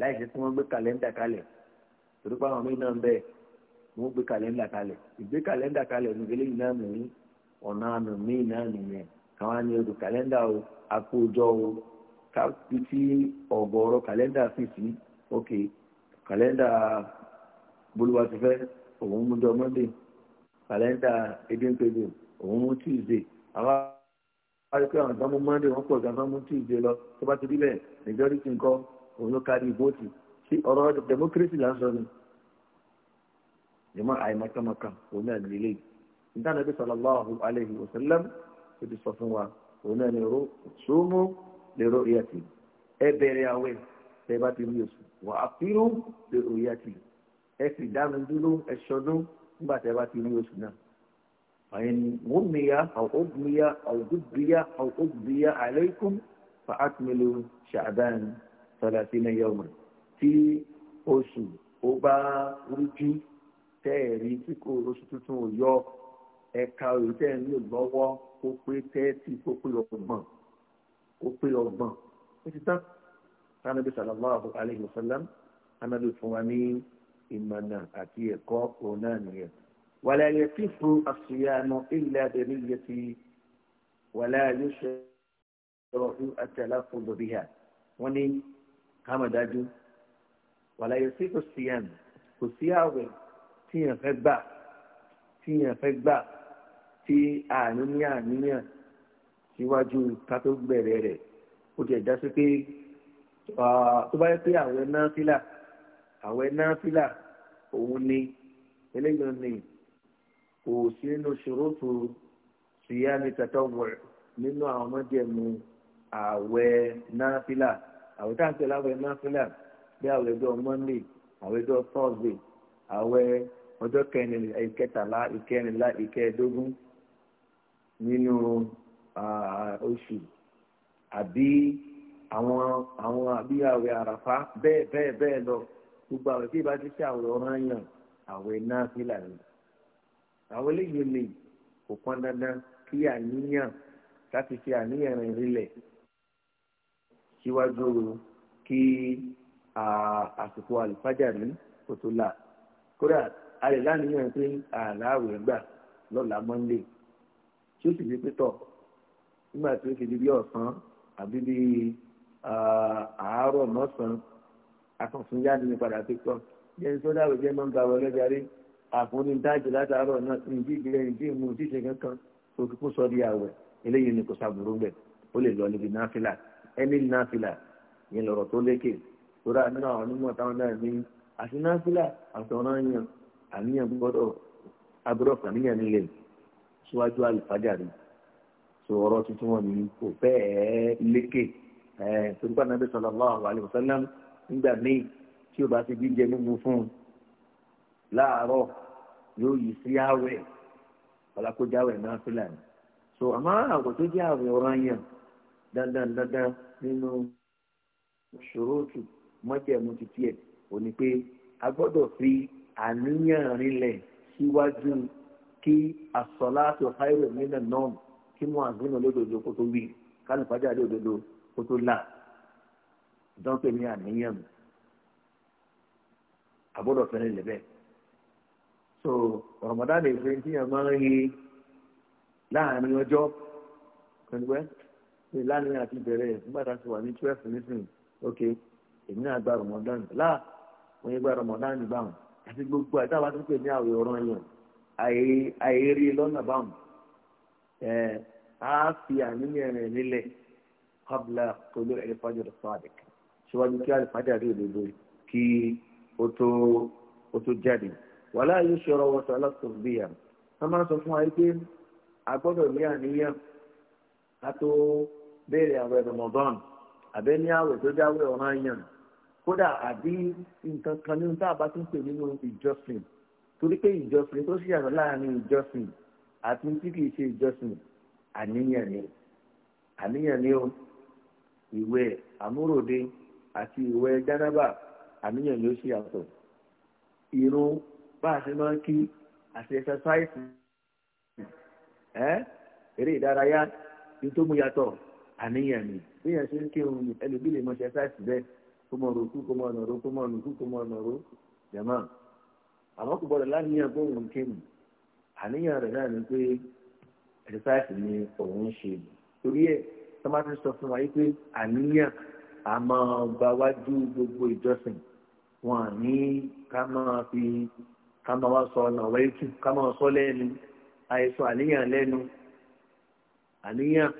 láì ṣe tí wọ́n gbé kàlẹ́ńdà kalẹ̀ torí pé àwọn míì náà ń bẹ wọ́n gbé kàlẹ́ndà kalẹ̀ ìgbé kàlẹ́ndà kalẹ̀ ní eléyìí náà nìyí ọ̀nà àmì míì náà nìyẹn káwọn ní odò kàlẹ́ndà o àkójọ o kápí tí ọ̀gọ̀ọ̀rọ̀ kàlẹ́ndà sì sí ok kàlẹ́ndà bolúwatifẹ́ òun mú jọ monday kàlẹ́ndà edinpedo òun mú tuesday àwọn àríkè àwọn tó mú wọ́n pọ̀ jù àwọn lọ tó bá ti rí bẹ́ẹ̀ majority nǹkan òun ló kárí bóòtù sí ọ̀rọ̀ democracy lásán ni jẹ́mọ́ àìmọ́kànmọ́kà òun náà lè lè ìdáná bí sallallahu alayhi wa sallam ó ti sọ fún wa òun náà ni sumu li ru'yati ẹ bẹ̀rẹ̀ àwẹ̀ tẹ́ bá ti rí oṣù wa afiru li ru'yati ẹ sì dánu dúró ẹ ṣọdún nígbà tẹ́ bá ti rí oṣù náà. فإن غمي أو أغمي أو غبي أو أغبي عليكم فأكملوا شعبان ثلاثين يوما tí oṣù ó bá rújú tẹ́ẹ̀rí tí kò oṣù tuntun ò yọ ẹ̀ka òyìn tẹ́ ń lò lọ́wọ́ kó pé tẹ́ẹ̀tì kó pé ọgbọ̀n kó pé ọgbọ̀n ó ti tán anabi sallallahu alayhi wa sallam anabi fún wa ní ìmọ̀nà àti ẹ̀kọ́ òun náà nìyẹn. wàlá yẹ tí fún àṣìyànà ilẹ̀ abẹ́rẹ́ yẹ ti wàlá yẹ ṣe ọ̀rọ̀ àtàlà fún bòbí ha wọ́n ní kámẹ́dájú wàlá yẹn sí kò sí àmì kò sí àwẹ̀ tí yẹn fẹ́ gbà tí yẹn fẹ́ gbà tí àníyàn àníyàn síwájú ká tó bẹ̀rẹ̀ rẹ̀ ó ti ẹ̀dá sí pé tó bá yẹ pé àwẹ̀ náà fílà àwẹ̀ náà fílà òun ni eléyìí ni kò sí nínú ṣòrótù síyáni tàtọ́wọ̀ nínú àwọn ọmọdé mu àwẹ̀ náà fílà àwẹ̀ táǹtẹ̀ láwẹ̀ náà fílà bí àwẹ̀ ọjọ́ monday àwẹ̀ ọjọ́ thursday àwẹ̀ ọjọ́ kẹtàlá ìkẹrìnlá ìkẹẹ̀ẹ́dógún nínú oṣù àbí àwọn àwọn àbí àwẹ̀ àràfá bẹ́ẹ̀ bẹ́ẹ̀ bẹ́ẹ̀ lọ gbogbo àwẹ̀ tí ìbá ti ṣe àwẹ̀ ọ̀ràn yàn àwẹ̀ náà sí làní àwọn eléyìí lè kò pọn dandan kí àníyàn láti ṣe àníyàn rìn rinlẹ̀ síwájú kí àsìkò àlùfájàrí kò tó là kódà alẹ láníyàn pé àlàáwẹ gbà lọ́la mọndé tí ó sì fi pétọ nígbà tí ó fi di bí ọ̀sán àbí bí àárọ̀ mọ́sàn akọ̀tún yá ni padà pétọ jẹ́ sọ́dá àwẹ̀ jẹ́ mọ́ńgà wọlé jarí àfúnni dájú látàárọ̀ náà ìdí ìgbẹ́ ìdí ìmú ìdíje kankan tó kíkó sọ di àwẹ̀ eléyìí ni kò sàbùrú bẹ̀ ó lè lọ níbi náfìlà ẹni náfìlà yẹn lọ̀rọ̀ tó lékè kódà nínú àwọn onímọ̀ táwọn náà ní àti náfìlà àtọ̀ràn yàn àníyàn gbọ́dọ̀ agbọ́dọ̀ fàníyàn nílẹ̀ síwájú àlùfájà rẹ̀ sọ ọ̀rọ̀ tuntun wọn ni kò fẹ́ẹ́ lékè ẹ̀ tó gbà nàbẹ́ sallallahu alaihi wasallam nígbà míì tí o bá ti jíjẹ mímu fún un láàárọ̀ yóò yí sí àwẹ̀ ọ̀làkójáwẹ̀ náà fúlàní so àmọ́ àwọ̀ tó jẹ́ àwẹ̀ ọ̀ranyàn dandan dandan nínú ṣòro tù mọ́jẹ̀mú ti tiẹ̀ ò ní pé a gbọ́dọ̀ fi àníyàn rinlẹ̀ síwájú kí as-salatu khayrun minan nawm kí mú àgbínà lódodo kó tó wí kálù fájà lódodo kó tó là dánpẹ́ ní àníyàn a gbọ́dọ̀ fẹ́rẹ̀ lẹ́bẹ̀ẹ́ so Ramadan lè fi tíyàn máa ń he láàrin ọjọ́ pẹ̀lú ẹ́ láàrin àti bẹ̀rẹ̀ nígbà tá a ti wà ní twelve nísìnyí okay èmi náà gba rọmọdánù láà wọn yẹn gba rọmọdánù báwọn àti gbogbo àti àwọn àti pé ní àwẹ̀ ọ̀ràn yẹn àìrí lọ́nà báwọn ẹ á fi àníyàn rẹ̀ nílẹ̀ qabla tolu ẹlẹfàjà rẹ sadiq síwájú kí àlẹfàjà rẹ lòlò kí ó tó jáde wàhálà yóò ṣọrọ wọtọ alásùnbíyà wọn máa sọ fún wa pé a gbọ́dọ̀ ní àníyàn ká tó béèrè àwẹ̀ rọmọdánù àbẹ ní àwẹ̀ tó jáwé ọ̀ràn yẹn. kódà àbí nǹkan kan nínú tá a bá tún pè nínú ìjọsìn torí pé ìjọsìn tó sì yàtọ̀ láàrin ìjọsìn àti tí kìí ṣe ìjọsìn àníyàn ni àníyàn ni ó ìwẹ̀ àmúròde àti ìwẹ̀ jánábà àníyàn ni ó ṣe yàtọ̀ irun bá a ṣe máa ń kí àti ẹsẹsáìsì ẹ eré ìdárayá ní tó mú yàtọ̀ àníyàn ni bí yẹn ṣe ń kírun ẹlòmíì lè mọ ẹsẹsáìsì bẹ́ẹ̀. kó mọ ròkú kó mọ nàró kó mọ nùkú kó mọ nàró jẹmọ àmọ́ kò gbọ́dọ̀ láníyàn pé kéwì àníyàn rẹ̀ náà ni pé ẹ̀dẹ́sáìsì ni òun ṣe torí ẹ̀ tọ́mátì sọ fún wa yìí pé àníyàn a máa gba wájú gbogbo ìjọsìn wọn ní ká máa fi ká máa wá sọ ọ̀nà ọ̀wẹ́ ìtù ká máa sọ lẹ́nu àìsàn àníyàn lẹ́nu àníyàn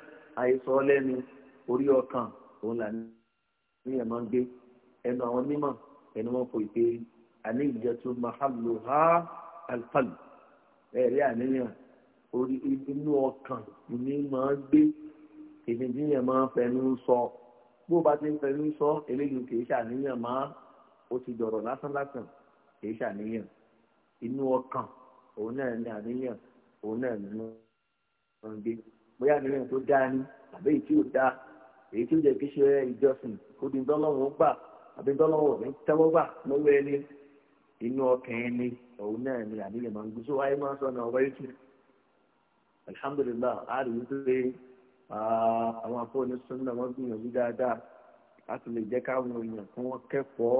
àìsàn lẹ́nu orí ọkàn òun là ní àníyàn máa ń gbé ẹnu àwọn mímọ̀ ẹnu wọn kò pé àníyàn tó mahalu ha alfalu ẹ̀rí àníyàn orí inú ọkàn ní máa gbé èmi níyàn máa fẹnu sọ bó o bá ti ń fẹnu sọ eléyìí kì í ṣàníyàn máa ó ti dọ̀rọ̀ lásán lásán kì í ṣàníyàn inú ọkàn òun náà ní àníyàn òun náà ní wọn gbé bóyá àníyàn tó dáa ni àbẹ́yìí tí ò dáa èyí tí ó jẹ́ kí ṣe ìjọsìn kó di dánlọ́run gbà àbí tọ́lọ́wọ́ ní tẹ́wọ́gbà lọ́wọ́ ẹni inú ọkàn ẹni òun náà ni àníyàn máa ń gbé sówáyé máa ń sọ ọ̀nà ọ̀rọ̀ ètò alihamudulilayi a rí i pé àwọn afọ́ni sunna wọ́n gbìyànjú dáadáa láti lè jẹ́ káwọn èèyàn kí wọ́n kẹ́kọ̀ọ́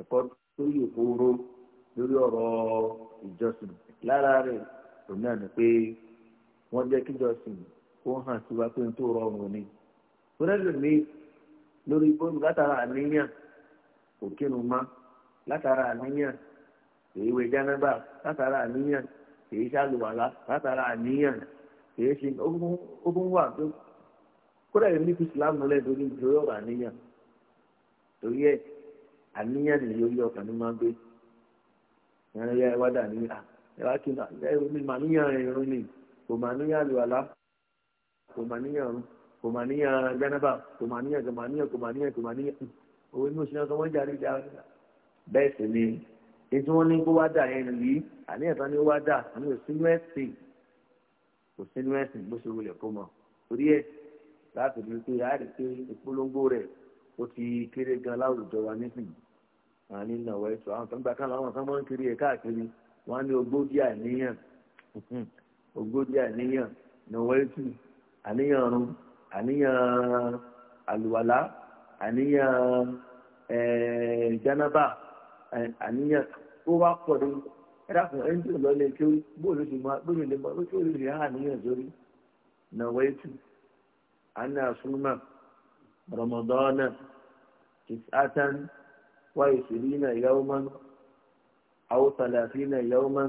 ẹ̀kọ́ tó yè kóró lórí ọ̀rọ̀ ìjọsìn lára rẹ̀ òun náà ni pé wọ́n jẹ́ kíjọsìn kó hàn sí pé n tó rọrùn ni. onílùmí lórí bóyá látara àníyàn kò kírun mọ́ látara àníyàn èyí wẹ jánábà látara àníyàn èyí ṣàlùwàlá látara àníyàn èyí ṣe ogun wà tó kódà yìí ní kùsùlámù lẹ́ẹ̀dọ́ ní ìdúró ọ̀rọ̀ àníyàn torí ẹ̀ àníyàn nìyí orí ọkàn ní máa ń gbé ẹ̀rọ yẹ wá dà níyà ẹ̀rọ kí ni màníyàn ẹ̀rọ ni kò màníyàn àlùwàlá kò màníyàn kò màníyàn jánábà kò màníyàn kò màníyàn kò màníyàn kò màníyàn òwe ní oṣù náà wọ́n jáde jáde bẹ́ẹ̀ sì ni ètò wọn ní kó wá dà yẹn nìyí àní ẹ̀tàn ni ó wá dà àní òsínú ẹ̀sìn òsínú ẹ̀sìn bó ṣe wulẹ̀ kó mọ̀ torí ẹ̀ láti rí i pé àárí pé ìpolongo rẹ̀ ó ti kéré gan láwùjọ wa nísìnyí àwọn nínú ọ̀wọ́ ẹ̀sọ́ àwọn kan kan láwọn kan máa ń kiri ẹ̀ káàkiri wọ́n á ní ogójì àníyàn (laughs) ogójì àníyàn ní ọ̀wọ́ ẹ̀sìn àníyàn ọ̀run àníyàn àlùwàlá àníyàn jẹnaba àníyàn tó wá pọ̀ ní ẹ̀dá fún ẹni tí ò lọ lè kí bóòlù sì máa bóòlù lè máa bóòlù lè hàn àníyàn sórí nàwó ètù àná súnmọ́ rọmọdọ́nà tìsátán wáyé sírí náà yàwó mọ́nú. أو ثلاثين يوما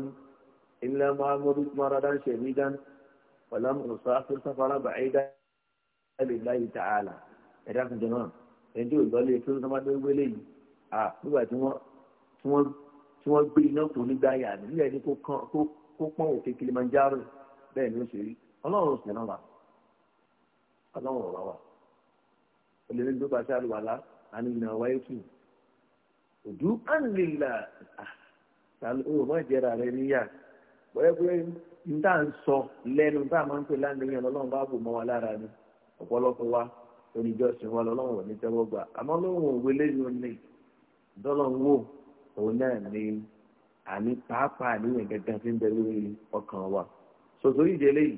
إلا ما مرض مرضا شديدا ولم أسافر سفرا بعيدا لله تعالى إرافة جماعة ẹni tí òótọ́ lè e tó sọ́mọ́ tó gbélé yìí à nígbà tí wọ́n tí wọ́n tí wọ́n gbé iná kò ní gbáyà nílẹ̀ ní kó pọ́n òkè Kilimanjaro bẹ́ẹ̀ ni ó ṣe rí ọlọ́run sì náà wà ọlọ́run ọ̀rọ̀ wà olórí tó pàṣẹ àlùwàlá àni ìnáwó wáyé tù òdú ànlélà òun má jẹrà rẹ níyà pẹ́ẹ́pẹ́ ní tá à ń sọ lẹ́nu tá à máa ń pè láńdẹ́yìn ọlọ́run bá bò mọ́ wa lára ni ọ̀pọ̀lọpọ̀ wa oníjọ́sìn wa lọ́lọ́run ò ní tẹ́wọ́ gbà àmọ́ lóhùn òwe lẹ́yìn òní dọ́lọ́run wò òun náà ni àní pàápàá àníyàn gẹ́gẹ́ fi ń bẹ lórí ọkàn wa sòtò ìdílé yìí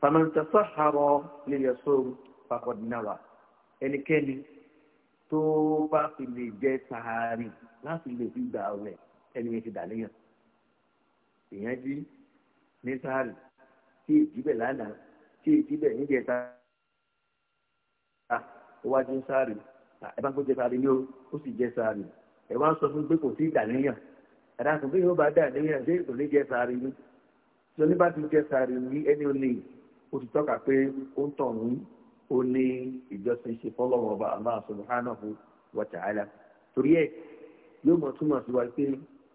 fàmẹ́ntẹ́sọ́ àrọ̀ lílẹ̀ sóòrù pàkọ́dínàwà ẹnikẹ́ni tó bá fi lè jẹ́ sàárì láti lè fi gbà rẹ̀ ẹni yẹn ti dà níyàn èèyàn jí ní sàárì tí èjì bẹ̀ lánàá tí èjì bẹ̀ níjẹta ó wá jẹ sáàrì ẹ bá ń kó jẹ sáàrì ní o ó sì jẹ sáàrì ẹ wá ń sọ fún pé kò sí ìdàníyàn ẹ̀dá kò bí yóò bá dà níyàn ṣé kò jẹ sáàrì ní tí oníbà ti jẹ sáàrì ní ẹni ò ní o ti tọ́ka pé ó ń tàn ní ó ní ìjọsìn ṣe fọlọ́wọ́ ọba Allah subhanahu wa ta'ala torí ẹ yóò mọ̀ túmọ̀ sí wa pé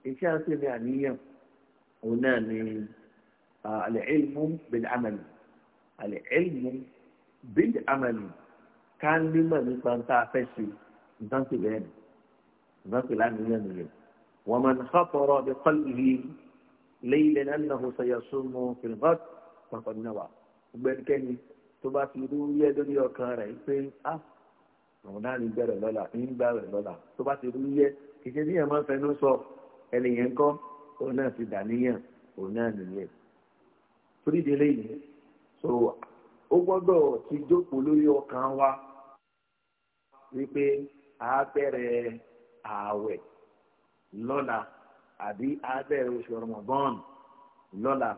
iṣẹ́ àti ìrìn àníyàn òun náà ni al-ilmu bil-amali al-ilmu bil-amali ká nímọ̀ nípa nta fẹ́ ṣe nǹkan pè bẹ́ẹ̀ nǹkan pè lánìyàn nìyẹn wọ́n máa ń sọ́tọ̀rọ̀ bí kọ́lìlì lẹ́yìn lẹ́nu ẹ̀nàhùn sọ̀yà súnmọ́ fìlìfọ́t pàpọ̀ náà wà gbẹ́nikẹ́ni tó bá fi rú yẹ lórí ọkàn rẹ̀ pé á àwọn náà ní bẹ̀rẹ̀ lọ́la ní gbà rẹ̀ lọ́la tó bá ti rú yẹ kìí ṣe máa ń fẹnu sọ ẹnìyẹn kọ́ òun náà ti dà so ó gbọ́dọ̀ ti jókòó lórí ọkàn wa wípé a bẹ̀rẹ̀ ààwẹ̀ lọ́la àbí a bẹ̀rẹ̀ oṣù Ramadan lọ́la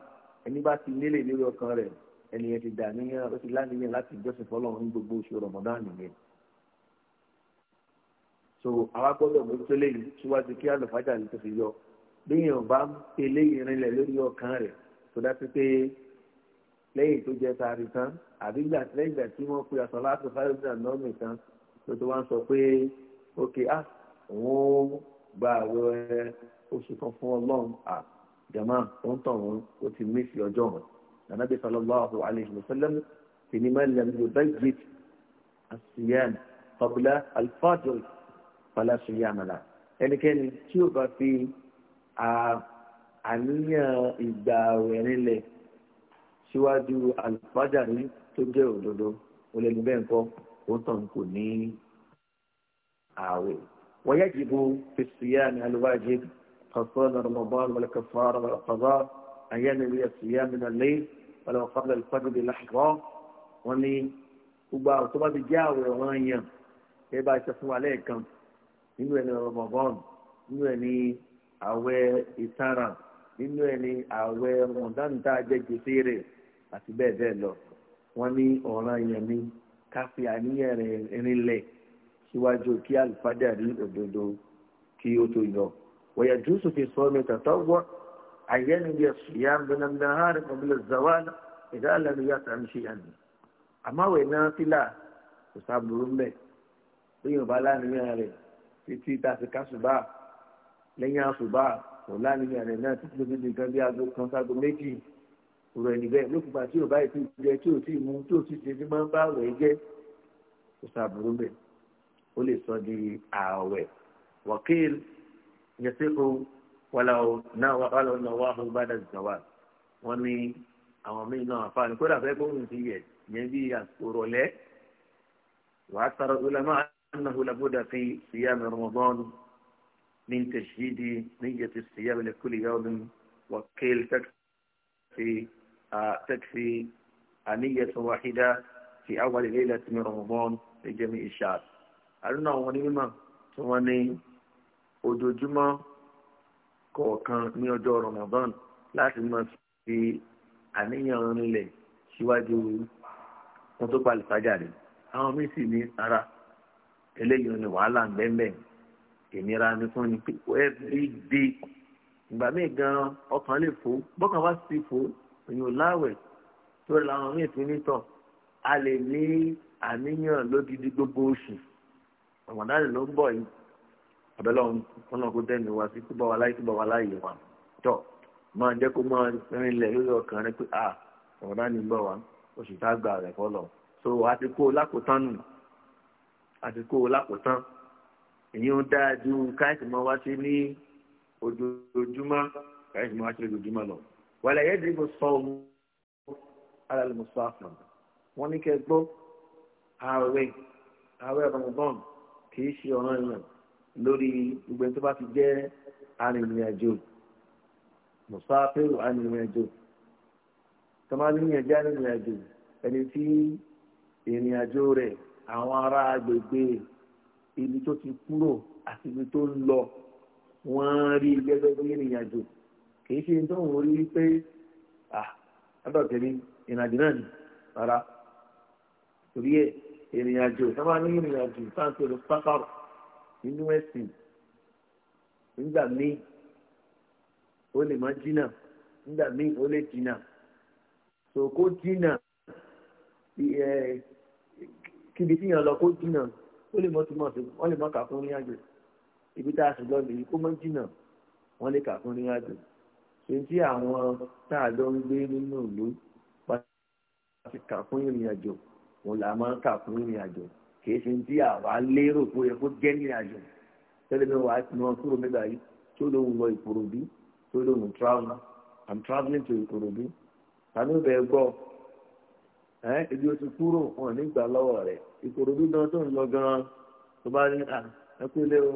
ẹni bá ti nílé lórí ọkàn rẹ̀ ẹni yẹn ti dà níyàn ó ti láníyàn láti jọ́sìn fọlọ́run ní gbogbo oṣù Ramadan nìyẹn so àwa gbọ́dọ̀ mójútó léyìí síwájú kí àlùfájà lè tó fi yọ bíyàn bá tẹ̀lé ìrìnlẹ̀ lórí ọkàn rẹ̀ tó dájú pé lẹ́yìn tó jẹ sáré tán àbí lẹ́yìn tí wọ́n pe àsọlá àti fáyọsì ló ti wá ń sọ pé ókè á ah, òun ó gba àwẹ̀ oṣù kan fún ọlọ́run à ah, jama tó ń tàn wọn ó ti mí sí ọjọ́ wọn nànàbí sallallahu alayhi wa sallam ti ní mẹ́lẹ̀ ló bá yé àṣìyàn qabla fala siyama la tí ó bá fi àníyàn ìgbà àwẹ̀ nílẹ̀ síwájú al tó jẹ́ òdodo olè ní bẹ́ẹ̀ kọ́ òun tàn kò ní ààwẹ̀ wọ́yẹ́jìbò fèsìyà ní alùwájẹ́ kọ̀sọ́nà rọmọbọ́n wọlékẹfọ́rọ́ wọlékọ́bọ́ ayélujára ẹ̀sìyà mìíràn lé wọlékọ́bọ́ lẹ́kọ́dọ̀dẹ̀ láṣọ wọn ni gbogbo àwọn tó bá ti jẹ́ àwẹ̀ wọn yàn ẹ bá ṣe fún wa lẹ́ẹ̀kan nínú ẹni rọmọbọ́n nínú ẹni àwẹ̀ ìtara nínú ẹni àwẹ̀ rọmọdánù tá jẹ́ gbèsè àti bẹ́ẹ̀ bẹ́ẹ̀ lọ wọn ni ọ̀ràn yẹn ni ká fi àníyàn rẹ̀ rinlẹ̀ síwájú kí àlùfáàdà rí òdodo kí ó tó yọ. wọ̀yà jùsù fi sọ mi tàtọ́ wọ́ àyẹ́nìyẹ ṣìyà bẹ́nàmìnà hàrì pọ̀bílẹ̀ zawal ìdá àlàmìyà tàn ṣe àmì. àmáwẹ̀ náà fílà kò sábúrú mbẹ̀ bí yorùbá láàníyàn rẹ̀ títí tàfi kásùbà lẹ́yìn àṣùbà kò láàníyàn rẹ̀ náà títí tó fi di nǹkan bí aago kan ságo méjì òrò ẹni bẹ́ẹ̀ ló fipá tí ò báyìí tí ò jẹ tí ò tí ì mú tí ò tí ì ṣe tí máa ń bá àwẹ̀ jẹ́ kò sàbùrù bẹ́ẹ̀ ó lè sọ di ààwẹ̀ wàkíl yẹsẹ́kù wàláwò náà wàhálà náà wà fún bàdà zàwà wọn ní àwọn míì náà àfààní kódà fẹ́ kóhùn ti yẹ yẹn bí àsìkò wàá sara ulama annahu labuda fi siyam ramadan min tashhidi niyyati siyam li kulli yawmin wakil takfi تكفي أنية واحدة في أول ليلة من رمضان لجميع الشعب àrùn àwọn onímọ̀ tí wọ́n ní ojoojúmọ́ kọ̀ọ̀kan ní ọjọ́ Ramadan láti máa fi àníyàn rinlẹ̀ síwájú wọn tó palẹ̀ fàjàre àwọn míì sì ní ara eléyìí ni wàhálà ń bẹ́ẹ̀ ìnira ni fún ni every day ìgbà míì gan ọkàn lè fò bọ́kàn bá sì fò èyàn láwẹ̀ tó rẹ̀ làwọn míì fi ní tọ̀ a lè ní àníyàn lódidi gbogbo oṣù ọ̀mọ̀dáàlì ló ń bọ̀ yìí abẹ́lẹ́ ọ̀hún fúnà kó dẹ́nu wá sí túbọ̀ wá láyé túbọ̀ wá láyé wa tọ̀ máa jẹ́ kó máa rinlẹ̀ lórí ọkàn rẹ pé ah ọ̀mọ̀dáàlì ń bọ̀ wá oṣù tá a gbà rẹ̀ fọlọ̀ so àti kó o lákòótán nù àti kó o lákòótán èyí ń dáa ju káyọ̀tì máa wá sí ní ojoojúmọ́ káyọ̀tì máa wá sí lójoojúmọ́ lọ wàlẹ̀ yẹ́ dìbò sọ̀rọ̀ alàlùmọ̀sọ àfọ̀n wọ́n ní kẹ́ gbọ́ ààwẹ̀ ààwẹ̀ rọmọbọ́n kì í ṣe ọ̀ràn yàn lórí gbogbo ẹni tó bá ti jẹ́ arìnrìnàjò mùsáfẹ́rù arìnrìnàjò tó máa níyàn jẹ́ arìnrìnàjò ẹni tí ìrìnàjò rẹ̀ àwọn ará agbègbè ibi tó ti kúrò àti ibi tó ń lọ wọ́n rí gẹ́gẹ́ bí ìrìnàjò kìí ṣe tó ń rí pé ah lọ́dọ̀ tèmi ìrìnàjò náà ni rárá torí ẹ ìrìnàjò tó máa ní ìrìnàjò táǹtì olùpápárò nínú ẹ̀sìn nígbà míì ó lè má jìnnà nígbà míì ó lè jìnnà so kó jìnnà kíbi tí yàn lọ kó jìnnà ó lè mọ túmọ̀ sí wọ́n lè mọ kà fún ìrìnàjò ibi tá a sì lọ lè kó mọ́ jìnnà wọ́n lè kà fún ìrìnàjò ṣe tí àwọn tá a lọ ń gbé nínú ìlú pàtàkì kà fún ìrìn àjò òun là máa ń kà fún ìrìn àjò kìí ṣe tí àwa lérò pé yẹ kó jẹ́ ìrìn àjò tẹ́lẹ̀ mi wàá tún wọn kúrò nígbà yìí tó lóun lọ ìkòròdú tó lóun travel i'm travelling to ìkòròdú tani ó bẹ̀ẹ́ gbọ́ ẹ́ ibi ó ti kúrò wọn nígbà lọ́wọ́ rẹ̀ ìkòròdú náà tó ń lọ gan-an tó bá ní à ẹ kú lé o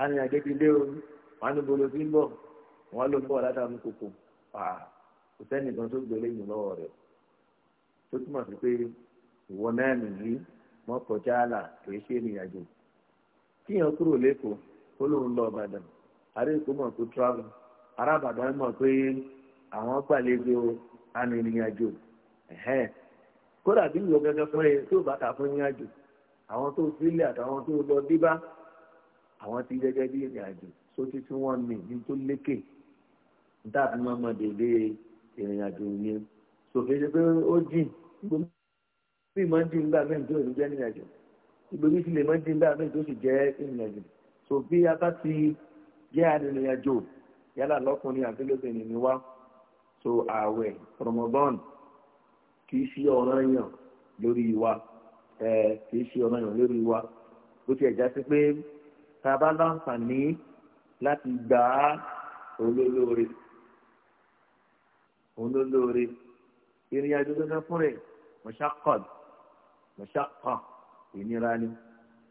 arìnrìn àjò ti o wọn á ní bolo ti ń bọ̀ wọ́n ló ń bọ̀ látàmú kòkò àà kò sẹ́nìkan tó gbélé yìí lọ́wọ́ rẹ̀ tó túmọ̀ sí pé ìwọ náà nìyí mọ́ kọjá àlà kì í ṣe ìrìnàjò kíyàn kúrò lẹ́kọ̀ọ́ ó lóun lọ Ìbàdàn ará Èkó mọ̀ tó travel ará Ìbàdàn mọ̀ pé àwọn gbàlejò arìnrìnàjò kódà bí ìwọ gẹ́gẹ́ fún ẹ tó bàtà fún ìrìnàjò àwọn tó sílẹ̀ àtàwọn tó lọ débá àwọn ti gẹ́gẹ́ bí ìrìnàjò sótí tí wọ́n ní ní tó lékè níta fi máa mọ dèdè ìrìn àjò yẹn sòfin ṣe pé ó jìn gbogbo bí máa ń jìn nígbà mẹ́rin tó ìlú jẹ́ ìrìn àjò ìgbèmí sì lè máa ń jìn nígbà mẹ́rin tó sì jẹ́ ìrìn àjò so bí ti jẹ́ arìnrìn àjò yálà lọ́kùnrin àti lóbìnrin ni wá so ààwẹ̀ Ramadan kì í ṣe ọ̀ranyàn lórí wa kì í ṣe ọ̀ranyàn lórí wa bó ti ẹ̀já sí pé tá a bá láǹfààní láti gbà á olólóore. òun ló lóore ìrìn àjò gẹ́gẹ́ fún rẹ̀ mọ̀ṣákọ̀d mọ̀ṣákọ̀ ìnira ni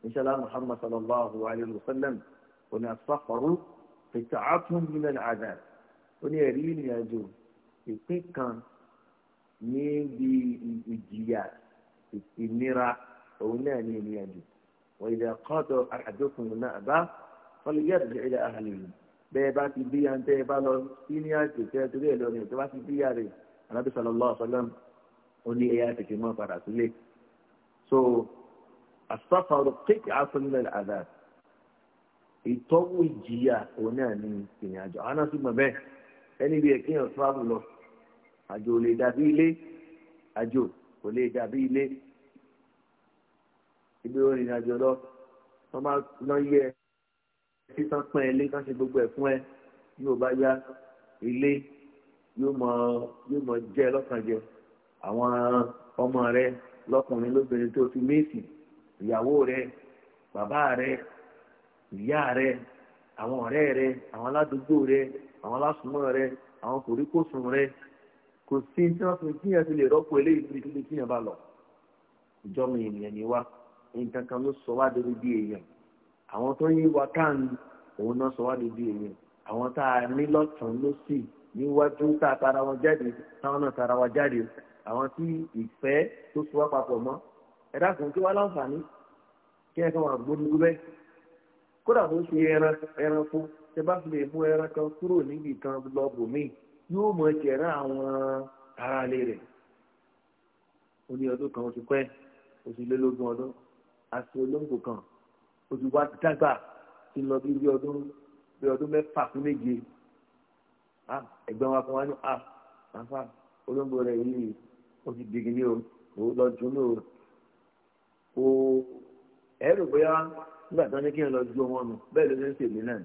inṣàlá muhammad sallallahu alayhi wa sallam òní asọ́kọ̀rú ètò àtún nílẹ̀ àdá ó ní ẹ̀rí ìrìn àjò ìpín kan níbi ìjìyà ìnira òun náà ní ìrìn àjò wọ́n ìdá kọ́tọ̀ àdókùn náà bá fọlẹ́yà ìdá àhàlẹ́ yìí. bẹ́ẹ̀ bá ti bí àǹtẹ́ ẹ bá lọ sí ní àjò tẹ́ torí ẹ̀ lọ́rùn tó bá ti bí àrè anábì sallallahu alaihi ó ní ẹ̀yà tètè mọ́ padà sílé. so as-safaru qit'atun min al-adhab ìtọ́wò ìjìyà òun náà ní ìrìn àjò àwọn náà sì mọ̀ bẹ́ẹ̀ ẹni bí ẹ̀kíyàn travel lọ àjò ò lè dàbí ilé àjò kò lè dàbí ilé ibi àjò lọ wọ́n máa lọ yẹ títán pọ́n ẹ lé kán ṣe gbogbo ẹ̀ fún ẹ yóò bá yá ilé yóò mọ yóò mọ jẹ lọ́kàn jẹ àwọn ọmọ rẹ lọ́kùnrin lóbìnrin tó fi méèsì ìyàwó rẹ bàbá rẹ ìyá rẹ àwọn ọ̀rẹ́ rẹ àwọn aládùúgbò rẹ àwọn alásùnmọ́ rẹ àwọn kòríkòsùn rẹ kò sí tí wọ́n fi kíyàn ti lè rọ́pò eléyìí níbi tó lè kíyàn bá lọ ìjọba ènìyàn ni wá nǹkan kan ló sọ wá débi bí èèyàn àwọn tó yí wa káàní òun náà sọ wá di bí èèyàn àwọn tá a ní lọ́tàn ló sì níwájú tá a tara wọn jáde táwọn náà tara wa jáde àwọn tí ìfẹ́ tó so wá papọ̀ mọ́ ẹ dákun kí wá láǹfààní kí ẹ kàn wà gbódúgbò bẹ́ẹ̀ kódà tó ṣe ẹran ẹran fún tẹ bá fi lè mú ẹran kan kúrò níbi kan lọ bòmíì yóò mọ jẹ̀rán àwọn ará ilé rẹ̀ ó ní ọdún kan oṣù pẹ́ oṣù lélógún ọdún àti olóńgbò kan olùwà dàgbà ti lọ bí ọdún bí ọdún mẹ́fà fún méje ẹ̀gbọ́n wa kan wá ní a àfa olóńgbò rẹ̀ yìí ó ti digi ní o ó lọ dùn ní o ó ẹ̀rù bóyá nígbà tó ní kí n lọ ju ọmọ nù bẹ́ẹ̀ ló ní ń sèmi náà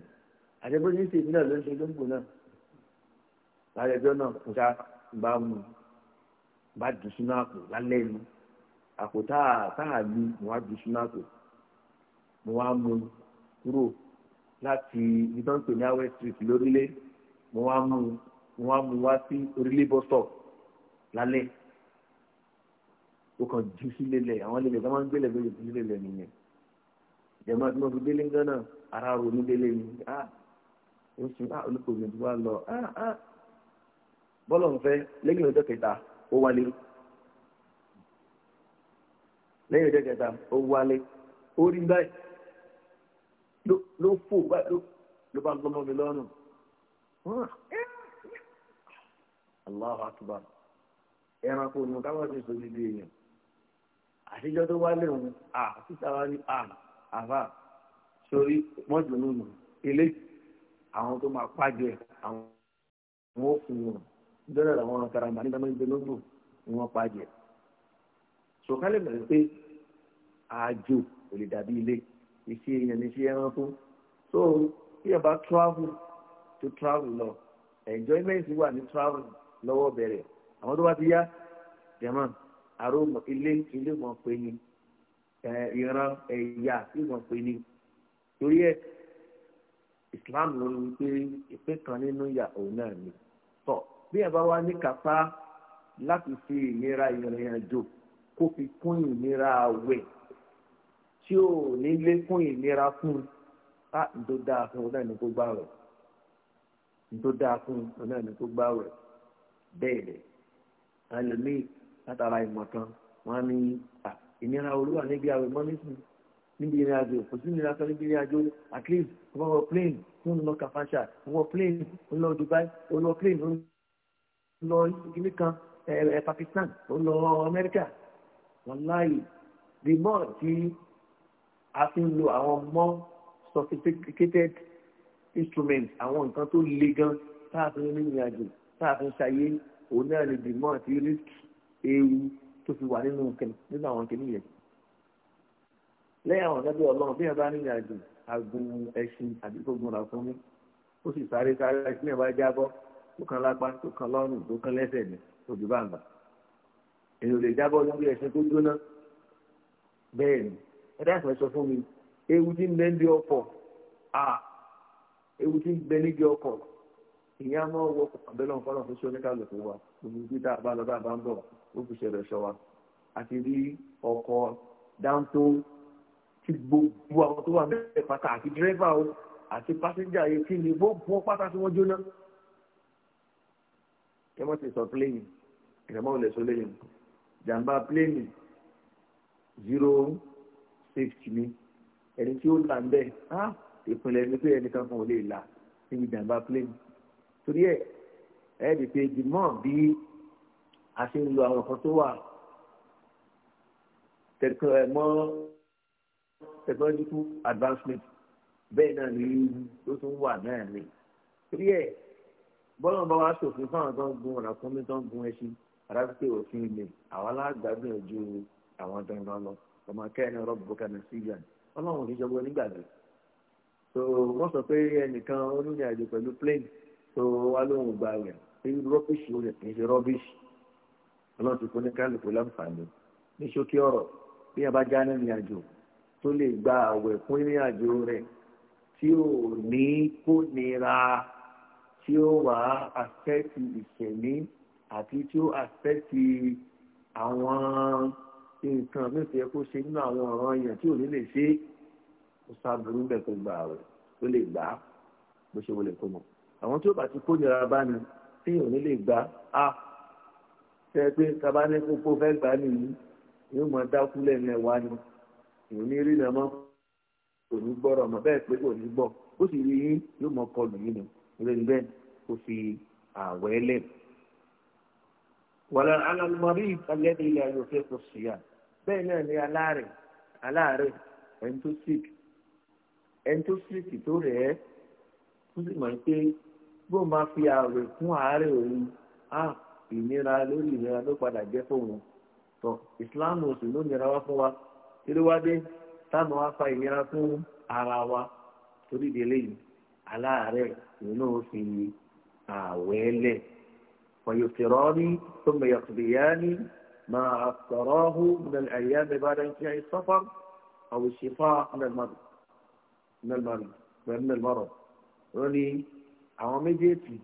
àdébó ní sèmi náà ló ń ṣe olóńgbò náà lálẹ́jọ́ náà kò sá bá mu bá dùn sínú àpò lálẹ́ nu àpò táà táà lu wọ́n á dùn sínú àpò mo wá mú kúrò láti ibi tó ní awẹ́ street lórílẹ̀ mo wá mú mo wá mú wá sí orílẹ̀ bọ́sọ̀ lálẹ́ ó kàn jù sílé lẹ̀ àwọn ilé ìgbà máa ń gbélé lórí ìdílé lẹ̀ nìyẹn ìjọba tí wọ́n fi délé gánà ara rò ní délé ni ah ó sì ah olùkọ́ni tí wọ́n lọ ah ah bọ́lọ̀ ń fẹ́ lẹ́yìn ọjọ́ kẹta ó wálé lẹ́yìn ọjọ́ kẹta ó wálé ó rí báyìí ló fò báyìí ló bá gbọ́mọ mi lọ́rùn. Ah. Allah akbar ẹranko ni káwọn ti sọ níbi èèyàn àtijọ́ tó wá lè wọn à síta wá ní à àfà sórí mọ́jùnú nù ilé àwọn tó máa pàjẹ́ àwọn wọn ò fún wọn dọ́là làwọn ọ̀rọ̀ karamba máa ń gbé lóńgbò ni wọ́n pàjẹ́ sọ̀kálẹ̀ bẹ̀rẹ̀ pé àjò kò lè dàbí ilé ìṣe èèyàn ní ṣe ẹranko so bí ẹ bá travel to travel lọ enjoyment wà ní travel lọ́wọ́ bẹ̀rẹ̀ àwọn tó bá ti yá jẹ̀mọ́ àròmọ ilé ilé mọ̀ pé ni ìran ẹ̀yà ìmọ̀ pé ni torí ẹ̀ Islam ló ń pé ìpín kan nínú ìyà òun náà ni tọ́ bí ẹ bá wá ní kápá láti fi ìnira ìrìn àjò kó fi kún ìnira àwẹ̀ tí ò ní lékún ìlera fún a tó dáa fún ọ̀nà ní kó gbà rẹ̀ tó dáa fún ọ̀nà ní kó gbà rẹ̀ bẹ́ẹ̀ lẹ̀ ẹlòmíì látara ìmọ̀tán wọn ní ìnira olúwa níbi àwẹ̀ mọ́nísìn níbi ìrìn àjò kò sí ìnira kan níbi ìrìn àjò at least wọ́n wọ plane wọ́n lọ kàfàṣà wọ́n wọ plane wọ́n lọ Dubai wọ́n lọ plane wọ́n lọ ìgbìmí kan ẹ̀ Pakistan wọ́n lọ Amẹ́ríkà wọ́n láàyè the more ti a fi ń lo àwọn more sophisticated instruments àwọn nǹkan tó le gan tá a fi ń rìnrìn àjò tá a fi ń ṣayé òun náà lè dìmọ́ àti risk ewu tó fi wà nínú nínú àwọn kìnìún yẹn lẹ́yìn àwọn ọ̀gá bí ọlọ́run bí ẹ bá rìnrìn àjò agun ẹṣin àbí tó gunra fún mi ó sì sáré sáré ẹṣin ẹ̀ bá jábọ́ tó kan lápá tó kan lọ́rùn tó kan lẹ́sẹ̀ ní òbí bàǹbà èèyàn lè jábọ́ lórí ẹṣin tó jóná bẹ́ẹ̀ ni ẹ dáhùn ẹ sọ fún mi ewu tí ń bẹ níbi ọkọ̀ à ewu tí ń bẹ níbi ọkọ̀ ìyá máa wọ abẹ́lẹ̀ ọ̀fọ́nà fún sí oníkàlùkù wa gbogbo tá a bá lọ bá a bá ń bọ̀ ó fi ṣẹlẹ̀ ṣọ wa àti rí ọkọ̀ dáńtó ti gbogbo àwọn tó wà mẹ́rẹ̀ pátá àti dírẹ́fà o àti pásíńjà yìí kí ni gbogbo pátá tí wọ́n jóná. ẹ mọ̀ ti sọ pléènì ìrẹ̀mọ́ ò lè sọ lẹ́yìn jàǹbá pléènì zero safety ni ẹni tí ó là ń bẹ á ìpínlẹ̀ ni pé ẹnìkan kan ò lè là níbi ìjàmbá plane torí ẹ ẹ rí i pé dìmọ̀ bí a ṣe ń lo àwọn kan tó wà mọ́ technological advancement bẹ́ẹ̀ náà ni ló tún wà náà ni torí ẹ bọ́lá bá wa ṣòfin fáwọn tó ń gun ọ̀nà kúnmí tó ń gun ẹṣin àdáṣe òfin ilé àwa lágbàgbìyànjú àwọn dandan lọ ọmọ kẹrin rọbùkà ní síyàn Ọlọ́run ní ìjọba onígbàgbé so wọn sọ pé ẹnìkan onírìn àjò pẹ̀lú plane so wà lóhùn gba rẹ pé rọbìṣì ó lè kì í ṣe rọbìṣì Ọlọ́run ti fún ní kálukú láǹfààní ní ṣókí ọ̀rọ̀ bí a bá já nírìn àjò tó lè gba àwẹ̀ fún ìrìn àjò rẹ̀ tí ò ní kó nira tí ó wà àfẹ́tì ìṣẹ̀mí àti tí ó àfẹ́tì àwọn nǹkan mi fi yẹ kó ṣe nínú àwọn ọ̀ràn èèyàn tí ò ní lè ṣe kó sábúrú bẹ̀ kó gbà rẹ̀ tó lè gbà á bó ṣe wọlé kó mọ̀ àwọn tí ó bá ti kó nira bá ní tí ò ní lè gbà á ṣe é pé tá a bá ní kókó fẹ́ gbà á nìyí yóò máa dákú lẹ́nu ẹ̀ wá ni kò ní rí nàmọ kò ní gbọ́rọ̀ mọ bẹ́ẹ̀ pé kò ní gbọ́ ó sì rí yín yóò mọ kọlù yín ni ìrẹni bẹ́ẹ̀ alámọ̀rí ìtàlẹ́dẹ̀ ilé ayọ̀fẹ́ kò sí à bẹ́ẹ̀ náà ni aláàrẹ̀ aláàrẹ̀ ẹni tó sick ẹni tó sick tó rẹ̀ ẹ́ tó sì mọ̀ pé bó máa fi ààrẹ̀ fún àárẹ̀ òun á ìnira lórí ìnira ló padà jẹ́ fóun tọ ìsìláàmù òsì ló nira wá fún wa kí ló wá táwọn wá fa ìnira fún ara wa torí ìdílé yìí aláàárẹ̀ òun náà fi ààwẹ̀ lẹ̀ fọyọ̀tìrọ́ ní tó mẹ̀yọ̀tìrìyá ní. ما أفطراه من الأيام بعد انتهاء السفر أو الشفاء من المرض من المرض من المرض وني àwọn méjèèjì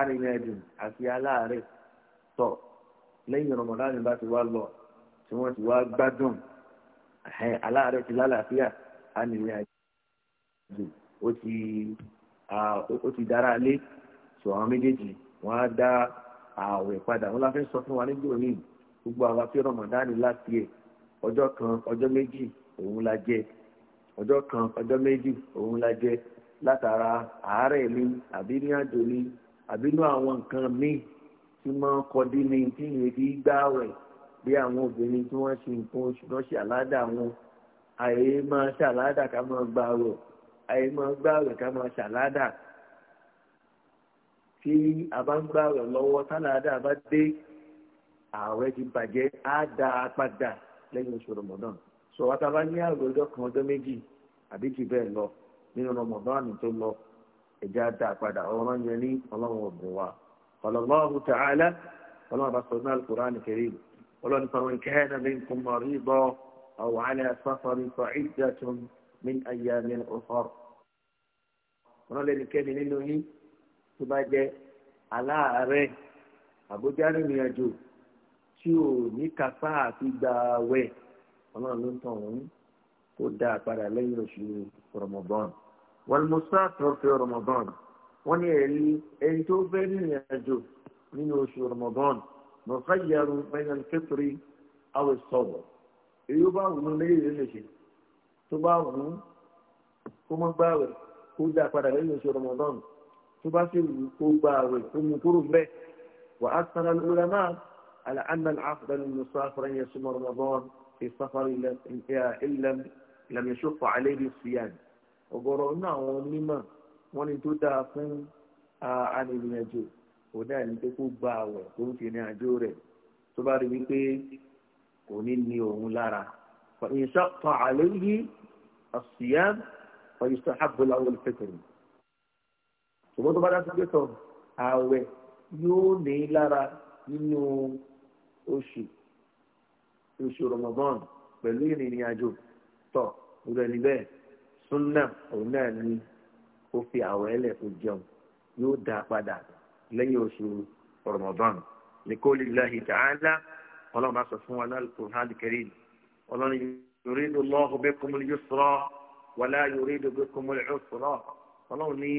arìnrìnàjò àti aláàárẹ̀ tọ̀ lẹ́yìn rọmọdánì bá ti wá lọ tí wọ́n ti wá gbádùn aláàárẹ̀ ti lálàáfíà arìnrìnàjò ó ti ó ti dára lé sọ àwọn méjèèjì wọ́n á dá ààwẹ̀ padà wọ́n la fẹ́ sọ fún wa níjọ́ nìyí gbogbo àwa tí rọmọdánì láti ẹ̀ ọjọ́ kan ọjọ́ méjì òun la jẹ ọjọ́ kan ọjọ́ méjì òun la jẹ látara àárẹ̀ ni àbí ní àjò ni àbí ní àwọn nǹkan míì tí máa ń kọdí ni tí ìyẹn fi gbáwẹ̀ bí àwọn obìnrin tí wọ́n ṣe nǹkan oṣù náà ṣe àládà wọn àyè máa ṣàládà ká máa gbààwẹ̀ àyè máa gbààwẹ̀ ká máa ṣàládà tí a bá ń gbààwẹ̀ lọ́wọ́ táládà bá dé ààwẹ̀ ti bàjẹ́ á dá a padà lẹ́yìn oṣù rọmọdán sọ wá tá a bá ní ààwẹ̀ ọjọ́ kan ọjọ́ méjì àbí jù bẹ́ẹ̀ lọ nínú rọmọdán tó lọ ẹ̀jẹ̀ á dá a padà ọ̀rọ̀ yẹn ní ọlọ́run ọ̀bùn wa Allahu ta'ala ọlọ́run bá sọ ní al-Qur'an ọlọ́run sọ wọn kana minkum maridan aw ala safarin fa'iddatun min ayyamin ukhar ọlọ́lẹ́nikẹ́ni tó tí ò ní kápá àti gba àwẹ̀ ọlọ́run ló ń tàn wọ́n kó dáa padà lẹ́yìn oṣù rọmọbọ́n wọn mo sá tọrọfẹ rọmọbọ́n wọn ní ẹ̀rí ẹni tó fẹ́ rìnrìn àjò nínú oṣù rọmọbọ́n mo fẹ́ yẹru fẹ́yàn kékeré àwẹ̀ sọ̀rọ̀ èyí ó bá wù ú léyìn lè tó bá wù ú kó mọ́ gbá àwẹ̀ kó dáa padà lẹ́yìn oṣù rọmọbọ́n tó bá sì wù ú kó gbá àwẹ̀ kó mu kúrò mbẹ́ wà á sanra lóra náà. على أن الأفضل المسافر أن يصوم رمضان في السفر إن لم لم يشق عليه الصيام ọ̀gọ̀rọ̀ náà àwọn onímọ̀ wọ́n ní tó dáa fún arìnrìnàjò kò náà ní pé kó gba àwẹ̀ tó ń fi ní àjò rẹ̀ tó bá rí wípé kò ní ní òun lára ìṣàpọ̀ àlóyè àṣìyàn ọ̀yìṣà àbúlà olùfẹ́kẹ̀rẹ̀ ṣùgbọ́n tó bá dá sí pé tọ̀ àwẹ̀ yóò ní lára nínú oṣù oṣù Ramadan pẹ̀lú ìrìnrìn àjò tọ̀ ọ̀rọ̀ ẹni bẹ́ẹ̀ súnà òun náà ni ó fi àwọ̀ ẹlẹ̀ kó jẹun yóò dá padà lẹ́yìn oṣù Ramadan ní kó lè láhi ta'ala ọlọ́run bá sọ fún wa náà kò hàn kẹrì ọlọ́run yuridu Allahu bikumul yusra wala yuridu bikumul usra ọlọ́run ní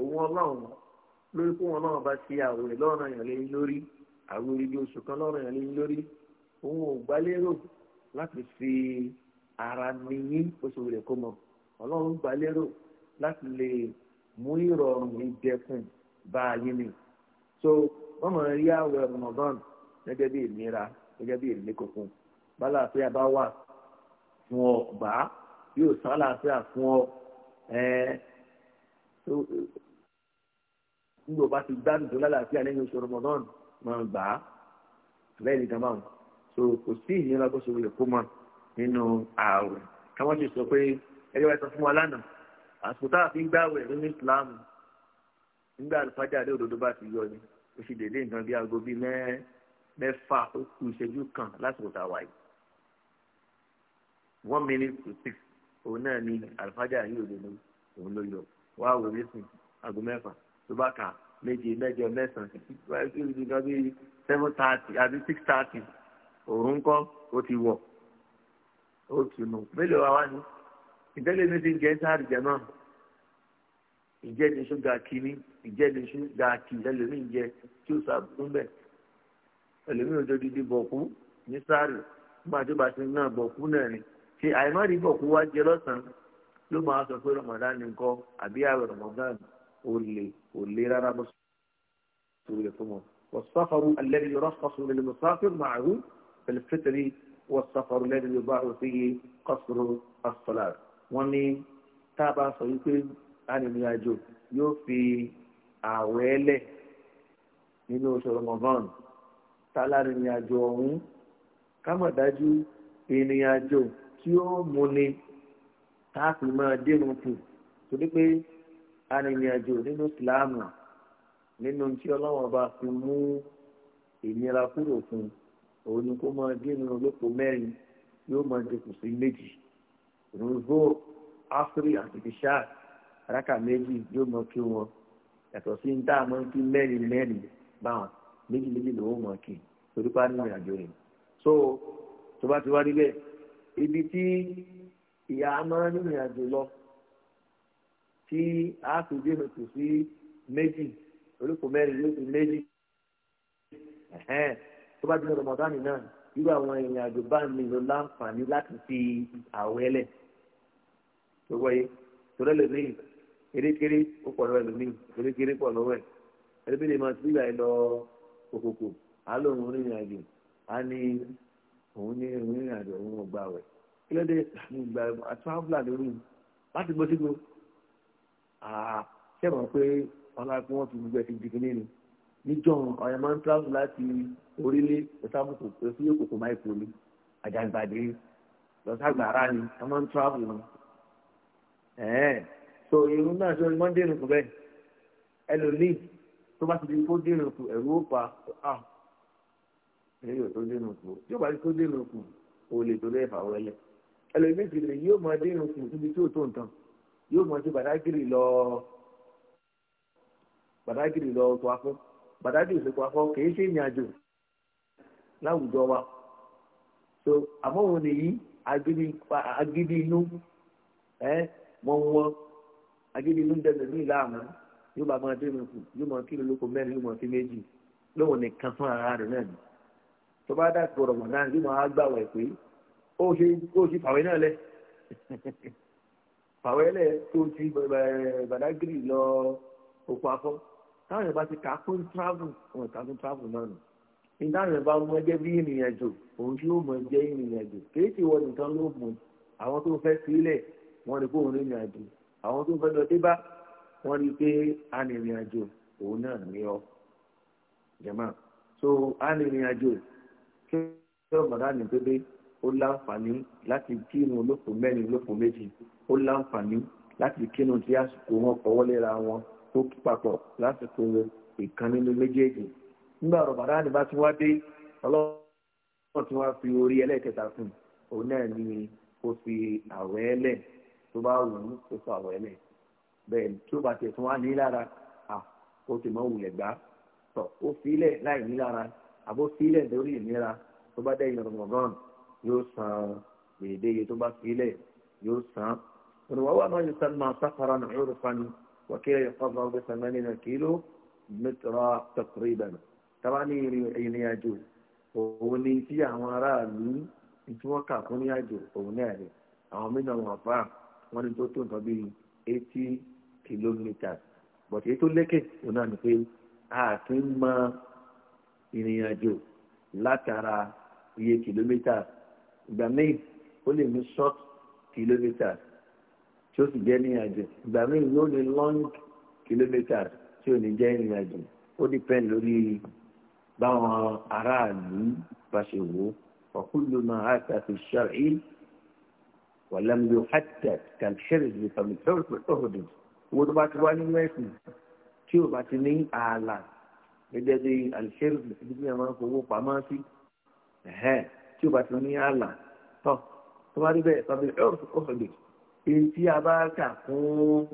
owó ọlọ́run lórí kó wọn náà bá ṣe àwòrán lọ́rùn àyànlẹ́yìn lórí àwọn oríbi oṣù kan lọ́rùn yẹn ní lórí òun ò gbálérò láti fi ara mi yí oṣù rẹ̀ kó mọ̀ ọlọ́run gbálérò láti lè mú ìrọ̀rùn ìdẹkùn bá a yín ni so wọ́n mọ̀ rí àwẹ̀ Ramadan gẹ́gẹ́ bí ìnira gẹ́gẹ́ bí ìrìlẹ̀ kọ̀ọ̀kan bálàáfíà bá wà fún ọ bá yóò sálàáfíà fún ọ ẹ̀ẹ́ nígbà bá ti gbádùn tó lálàáfíà lẹ́yìn oṣù Ramadan máa gbà á bẹ́ẹ̀ ni dábàá so kò sí ìnira bó ṣe wọlé kó mọ nínú ààwẹ̀ káwọn ti sọ pé ẹgbẹ́ wa sọ fún wa lánàá àsìkò tá a fi ń gbààwẹ̀ nínú Islam nígbà àlùfáàjà àdé òdodo bá ti yọ ni ó sì dédé nǹkan bí aago bíi mẹ́fà ó kù ìṣẹ́jú kan lásìkò tá a wáyé one minute to six òun náà ni àlùfáàjà yìí òdodo òun ló yọ wá wò lẹ́sìn aago mẹ́fà tó bá kà á méje mẹ́jọ mẹ́sàn án kí ni seven thirty àbí six thirty òun kọ́ ó ti wọ̀ ó tù nù mélòó wa wá ní ìdẹ́lẹ̀ mi ti ń jẹ́ sáàrì jẹ náà ìjẹ́ ni ṣúgà kínní ìjẹ́ ni ṣúgà kì ẹlòmíì jẹ tí ó sàbùkún bẹ̀ ẹlòmíì ò dodidi bọ̀kú ní sáàrì nígbà tó bá ti náà bọ̀kú náà ni ṣe àìmọ́rí bọ̀kú wá jẹ lọ́sàn-án ló máa sọ pé rọmọdán ni nǹkan àbí àwẹ̀ rọmọdán olè olè rárá bó sórí ẹ̀fọ́ mọ́ wọ́sàfàrù alẹ́bí rọ́fàṣù lẹ́nu mọ́sáfìrì màáhù pẹ̀lẹ́fẹ́tẹ̀rì wọ́sàfàrù lẹ́nu yorùbá òfin kọ́sùrù asọ́lá wọ́n ní tá a bá sọ wípé arìnrìnàjò yóò fi ààwẹ̀ ẹlẹ̀ nínú oṣù rọmọbọ́n tálárìnrìnàjò ọ̀hún kámọ̀dájú ìrìnàjò tí ó múni tá a fi máa dérun kù torí pé arìnrìnàjò nínú ìsìláàmù nínú tí ọlọ́wọ́n bá fi mú ìnira kúrò fún òun ni kó máa dínú olóko mẹ́rin yóò máa dínkù sí méjì rúzó áfírí àti fìṣà rákà méjì yóò máa kí wọn yàtọ̀ sí ní tá a máa ń kí mẹ́rin mẹ́rin báwọn méjì méjì lòún máa kí torí pa nínú ìrìnàjò so tó bá ti wá rí bẹ́ẹ̀ ibi tí ìyá máa ń rìnrìn lọ tí a fi bí òtù sí méjì oríkò mẹ́rin yóò fi méjì tó bá dínà rọmọdánì náà irú àwọn ìrìn àjò bá mi lọ láǹfààní láti fi àwẹ̀ lẹ̀ tó wáyé tòlẹ́ lè rí erékeré ó pọ̀ lọ́wọ́ ẹlòmíì erékeré pọ̀ lọ́wọ́ ẹ̀ ẹlẹ́bí lè máa síbíà ẹ lọ òkòkò á lóun rìnrìn àjò á ní òun ní rìnrìn àjò òun ò gbà wẹ̀ kí ló dé àti àwọn fúlàní orí láti gbọ́ sígbó Ah, ṣé mọ̀ pé ọlá pé wọ́n fi gbogbo ẹ̀ fi dìgbì nínú níjọ́ ọ̀yàn máa ń travel láti orílẹ̀ ìsàmùkù sí òkòkò máa kú ni àjàgbàdé lọ́sàgbàrá ni wọ́n máa ń travel ni. so irun náà ṣe wọ́n dènà kù bẹ́ẹ̀ ẹlòmíì tó bá ti di kó dènà kù ẹ̀rú ó pa ah ẹ̀yọ̀ tó dènà kù tí ó bá ti kó dènà kù olè tó lẹ́ẹ̀fà wọlé ẹlòmíì ti lè yóò máa dènà kù níbi tí ò tó nǹkan yóò mọ̀ sí bàdágìrì lọ bàdágìrì lọ tó afọ́ bàdágìrì tó afọ́ kì í ṣe ìrìn láwùjọ wa so àmọ́ òun nìyí agídí inú ẹ wọ́n wọ́n agídí inú ń dẹ́nu ní ìlànà yóò bá máa dẹ́nu kù yóò mọ kí lóko mẹ́rin yóò mọ sí méjì lóun nìkan fún ara rẹ̀ náà ni tó bá dà gbọ̀rọ̀ mọ̀ náà yóò máa gbàwẹ̀ pé ó ṣe fàwé náà lẹ̀ (laughs) fàwẹ́lẹ̀ tó ti eh, Badagry lọ òkú afọ́ táwọn yẹn bá ti kà fún travel wọn kà fún travel náà nù nígbà yẹn bá mọ ẹjẹ bí ìrìn àjò òun yóò mọ ẹjẹ ìrìn àjò kìí ti wọ nìkan ló mú àwọn tó fẹ́ sílẹ̀ wọn ni kó òun rìnrìn àjò àwọn tó fẹ́ lọ dé bá wọn rí i pé arìnrìn àjò òun náà ní ọ jẹ̀mọ́ so arìnrìn àjò kí ọmọdé àná pépé ó láǹfààní láti kírun olóko mẹ́rin olóko méjì ó láǹfààní láti kírun tí àsìkò wọn kọ́wọ́lẹ́ra wọn tó kí papọ̀ lásìkò ìkan nínú méjèèjì nígbà rọ̀bàdá ni bá ti wá dé ọlọ́run tí wọ́n fi orí ẹlẹ́ẹ̀kẹta fún un òun náà ni kó fi àwẹ̀ ẹlẹ̀ tó bá wù ú kó fi àwẹ̀ ẹlẹ̀ bẹ́ẹ̀ tí ó bá tẹ̀ fún wa ní lára à kó sì mọ́ wulẹ̀ gbá tọ̀ ó fi ilẹ̀ láì ní lára àbó fi ilẹ̀ lórí ìnira tó bá dẹ̀ yọ̀rọ̀ yóò san gbèdé iye tó bá sílẹ̀ yóò san ònàwà wà máa yóò san máa sáfara nà ọ̀rọ̀ fani wàkílẹ̀ ìfọ̀bà ọgbẹ́ sàmẹ́lì nà kìló mẹ́tọ́rọ̀ tọkùrọ̀ ìbànú tábà ní ìrìn àjò òun ni tí àwọn aráàlú tí wọ́n kà fún ní àjò òun náà rẹ̀ àwọn mìíràn wọn fà wọ́n ní tó tó nǹkan bíi eighty kilometres bọ̀tí èyí lékè òun náà ni pé a kì í mọ ìrìn àjò látara iye kìlómítà ìgbà míì ó lè ní short kilometres tí ó sì jẹ́ ní àjò ìgbà míì yóò ní long kilometres tí ò ní jẹ́ ní àjò ó depend lórí báwọn aráàlú bá ṣe wò ó ọ̀kúlù máa á ta fi ṣàrí wàlámù hàtà kàlṣẹ́rì ní fàmìtọ́rọ̀dì owó tó bá ti wá nínú ẹ̀sìn tí ò bá ti ní ààlà gẹ́gẹ́ bí àlṣẹ́rì ní fàmìtọ́rọ̀dì máa ń pamọ́ sí tí o bá ti ní àlà tọ́ tó bá rí bẹ́ẹ̀ tàbí ọ̀sọ̀dẹ̀ èyí tí a bá kà fún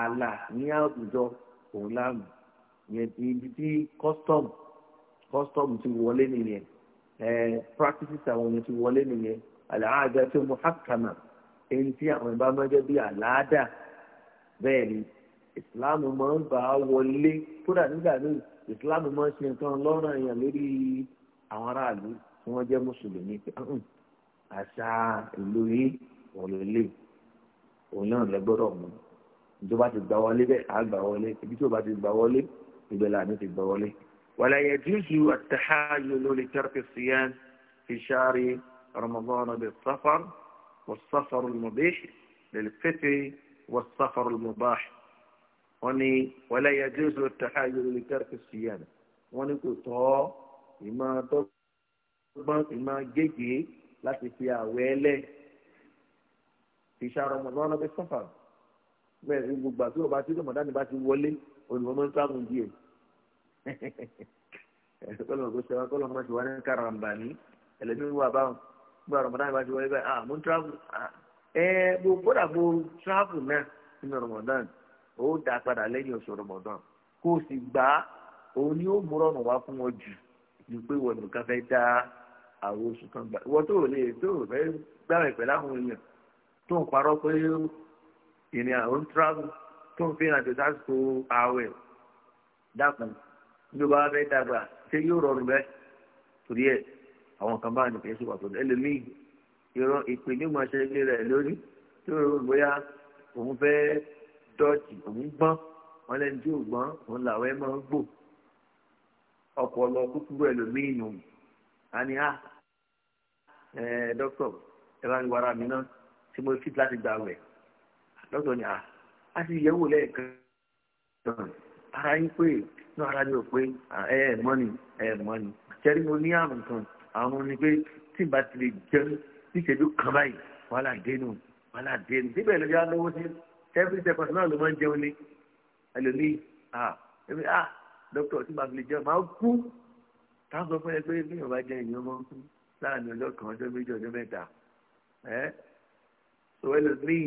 àlà ní àwùjọ òun láàmú yẹn ibi tí custom custom ti wọlé nìyẹn practices àwọn ọmọ ti wọlé nìyẹn àlàájá tí mo hàkàmà èyí tí àwọn ìbá máa jẹ́ bí àlàádà bẹ́ẹ̀ ni ìsìláàmù máa ń bá wọlé kódà nígbà míì ìsìláàmù máa ń ṣe nǹkan lọ́rọ̀ èèyàn lórí àwọn aráàlú tí wọ́n jẹ́ mùsùlùmí pé àṣà ìlú yìí òun ló lè òun náà lẹ gbọ́dọ̀ mú tó bá ti gbà wọlé bẹ́ẹ̀ yii won le le wọlé ibi tó bá ti gbà wọlé ibẹ̀ là ní ti gbà wọlé. lè ولا يجوز التحايل لترك الصيام في شهر رمضان بالسفر والسفر المبيح للفطر والسفر المباح wọ́n ní ولا يجوز التحايل لترك الصيام wọ́n ní kò tọ́ ìmọ̀ tó ṣùgbọ́n sì máa gégé láti fi àwẹ̀ ẹlẹ́ ìṣàrọ̀ mọ̀lọ́wọ́ lọ́pẹ́ sọ́fà bẹ́ẹ̀ gbogbo àti ọba tí ọmọdé àti bá ti wọlé olùwọ́n máa ń sáàmù díẹ̀ (laughs) kọ́lọ̀ kó ṣe wá kọ́lọ̀ máa ti wá ní karambà ní ẹlẹ́mìí wà báwọn gbogbo àrọ̀ mọ̀lọ́wọ́ bá ti wọlé báyìí ah mo ń travel ah, ẹ bó kódà bó travel náà nínú Ramadan ó dá padà lẹ́yìn oṣù Ramadan kó o sì gbà òun ni ó múrọ̀nù wá fún wọn jù ní pé wọn nìkan fẹ́ dáa àwọn oṣù kan gbà ìwọ tó lè tó fẹ́ gbára ìpẹ́ láwọn èèyàn tó ń parọ́ pé ìrìn àwọn travel tó ń fi hàn tó sásìkò ààwẹ̀ dákun ní o bá fẹ́ dàgbà ṣé yóò rọrùn bẹ́ẹ̀ torí ẹ̀ àwọn kan bá nìkan ṣe pàtó ẹlòmíì ìran ìpè ní ìmọ̀ ṣẹlẹ̀ rẹ̀ lórí tó rò bóyá òun fẹ́ dọ́ọ̀tì òun gbọ́n wọn lẹ́ni tí ò gbọ́n òun làwọn ẹ̀ máa ń gbò ọ̀pọ̀ lọ kúkúrú ẹlòmíì nù àní à ah, ẹ dókítà ẹ bá ń wọ ara mi náà tí mo fit láti gbà wẹ̀ dókítà ni ah, à á sì yẹ̀wò lẹ́ẹ̀kan ara yín pé inú ara mi ò pé ẹ ẹ mọ́ni ẹ mọ́ni jẹ́rí mo ní àrùn kan àrùn ni pé tí n bá ti lè jẹun níṣẹ́jú kan báyìí wàhálà dénú wàhálà dénú síbẹ̀ ló yá lọ́wọ́ sí every second náà ló máa ń jẹun ní ẹlòmíì ah ẹlòmíì a, ah, dókítà tí n bá fi lè jẹun máa kú ká sọ fún ẹ pé bí yorùbá jẹ ènìyàn mọ kú láàrin ọjọ́ kan ọjọ́ méjì ọjọ́ mẹ́ta ẹ sọ ẹlòmíì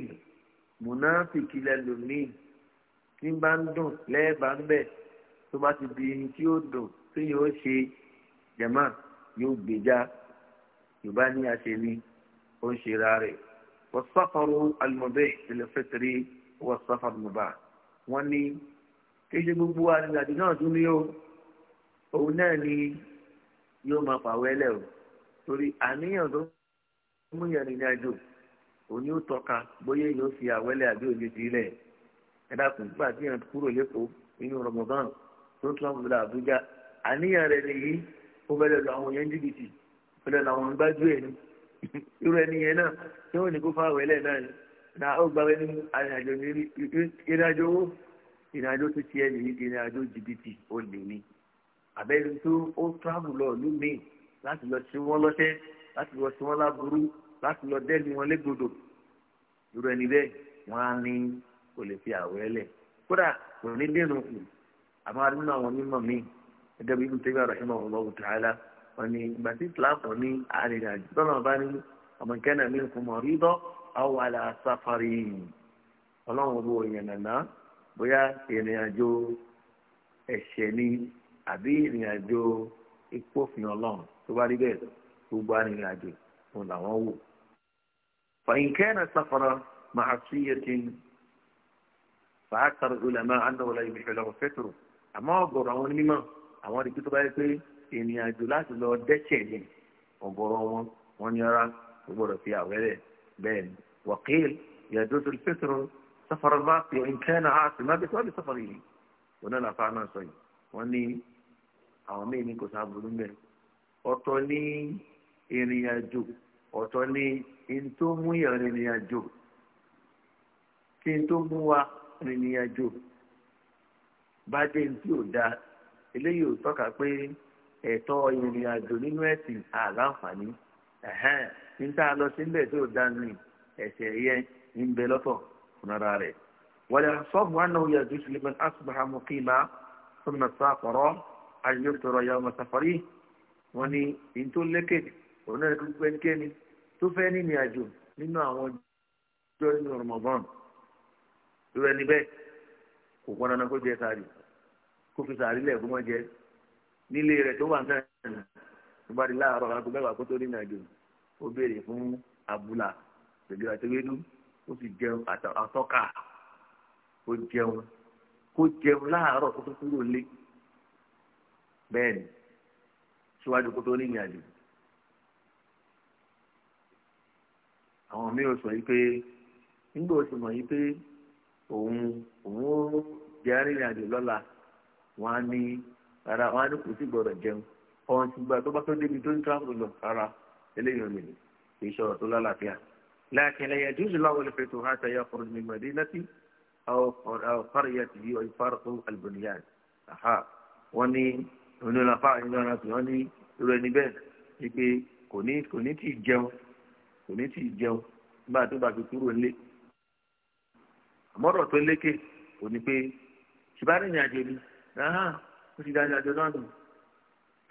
mùnáfìkì lẹlòmíì tí bá ń dùn lẹ́ẹ̀bà ń bẹ̀ tó bá ti di ẹni tí ó dùn tí yóò ṣe jẹ̀mọ́ yóò gbèjà yorùbá ní àṣẹ ni ó ń ṣe ra rẹ̀ wọ́n sáfàrò alùmọ̀bẹ́ ìlẹ̀ fẹ́tẹ̀rì wọ́n sáfàrò mọ̀bà wọ́n ní kéṣe gbogbo àdìgbàdì náà tún ní o òun náà ni yóò máa pàwọ́ ẹlẹ́ o torí àníyàn tó mú yẹn rìnrìn àjò òní ó tọ́ka bóyá yóò fi àwẹ́lẹ́ àbí òye ti ẹ̀dá kùn nígbà tí yẹn kúrò lẹ́kọ̀ọ́ nínú Ramadan tó tún àwọn ọmọdé Àbújá àníyàn rẹ̀ nìyí ó fẹ́lẹ́ lọ àwọn yẹn jìbìtì fẹ́lẹ́ lọ àwọn gbájú ẹ̀ ní (laughs) irú ẹni yẹn náà tí wọ́n ní kó fáwọ́ náà ni na ó gba ẹni ìrìnàjò owó ìrìnàjò tó ti ẹ nìyí ìrìnàjò jìbìtì ó lè ní àbẹ́ni tó ó travel lọ ìlú míì láti lọ sí wọn lọ́sẹ̀ láti lọ sí wọn láburú láti lọ dẹ́ni wọn légbodò irú ẹni bẹ́ẹ̀ wọ́n á ní kò lè fi àwẹ̀ lẹ̀ kódà kò ní dènà kù àmọ́ adúlọ àwọn onímọ̀ míì gẹ́gẹ́ bí ibùdó ìgbà rẹ̀ mọ̀ ọ́ tààlà wọn ni ìgbà tí islam ní arìnrìnàjò tọ́nà bá ní ọmọ kẹ́nà mi kò mọ̀ rí bọ́ àwọn àlà sáfárì ọlọ́run owó ìyànnà bóyá ìrìnàjò ẹ̀ṣẹ̀ ni àbí ìrìn àjò ìpòfin ọlọ́run tó bá rí bẹ́ẹ̀ gbogbo arìnrìn àjò òun làwọn wò. فإن كان سفر معصية فأكثر العلماء أنه لا يبيح له الفطر àmọ́ ọ̀gọ̀rọ̀ àwọn onímọ̀ àwọn àdìgbò tó bá yẹ pé ènìyàn àjò láti lọ dẹ́ṣẹ̀ ni ọ̀gọ̀rọ̀ wọn wọn ní ara kò fi àwẹ́rẹ́ bẹ́ẹ̀ ni wàkíl يجوز الفطر سفر المعصية وإن كان عاصما بسبب سفره òun náà làfa náà wọ́n ní àwọn míì ní kò sábúrú ń bẹ̀ ọ̀tọ̀ ní ìrìn ọ̀tọ̀ ní n tó mú ìyàn kí n tó mú wa ìrìn bá dé tí ò da eléyìí ò tọ́ka pé ẹ̀tọ́ ìrìn nínú ẹ̀sìn àlàǹfààní ní tá a lọ síbẹ̀ tó da ní ẹ̀sẹ̀ yẹn ń bẹ lọ́tọ̀ fúnra rẹ̀ wọ́n lè sọ́ọ̀bù súnmọ́ sáfọ̀rọ̀ ayélujára yàrá mọ̀sáfọ̀rí wọn ni èyí tó lékèdè òun náà tó gbé kéni tó fẹ́ nínú àjò nínú àwọn ọjọ́ nínú Ramadan irú ẹni bẹ́ẹ̀ kò pọn dandan kó jẹ sààrì kó fi sààrì lẹ̀ kó mọ́ jẹ nílé rẹ̀ tó wà ń sàn tó bá di láàárọ̀ aago mẹ́wàá kó tó nínú àjò ó béèrè fún abúlà pẹ̀lú àtẹwédú ó sì jẹun àtọ́ka ó jẹun kó jẹun láàárọ̀ kó tó kúrò lé bẹ́ẹ̀ ni síwájú kó tó rìnrìn àjò àwọn míì ò sọ yìí pé nígbà ó sì mọ̀ yìí pé òun òun ó jẹ́ rìnrìn àjò lọ́la wọn á ní rárá wọn á ní kò sí gbọ́dọ̀ jẹun ọ̀hún ti gba tó bá tó débi tó ń tíráfù lọ rárá eléyìí ò kì í ṣọ̀rọ̀ tó lálàáfíà láàkínlẹ̀ yẹn jùlọ àwọn olùfẹ́ tó hàn tẹ̀yà أو أو قرية يفرق البنيان أها وني وني لا فا إننا وني يرني بين يبي كوني كوني تي جو كوني تي جو ما تبا كتورو لي àmọ́rọ̀ tó lékè kò ní pé ṣùgbọ́n ní àjò ni ahán ó ti da ní àjò náà nù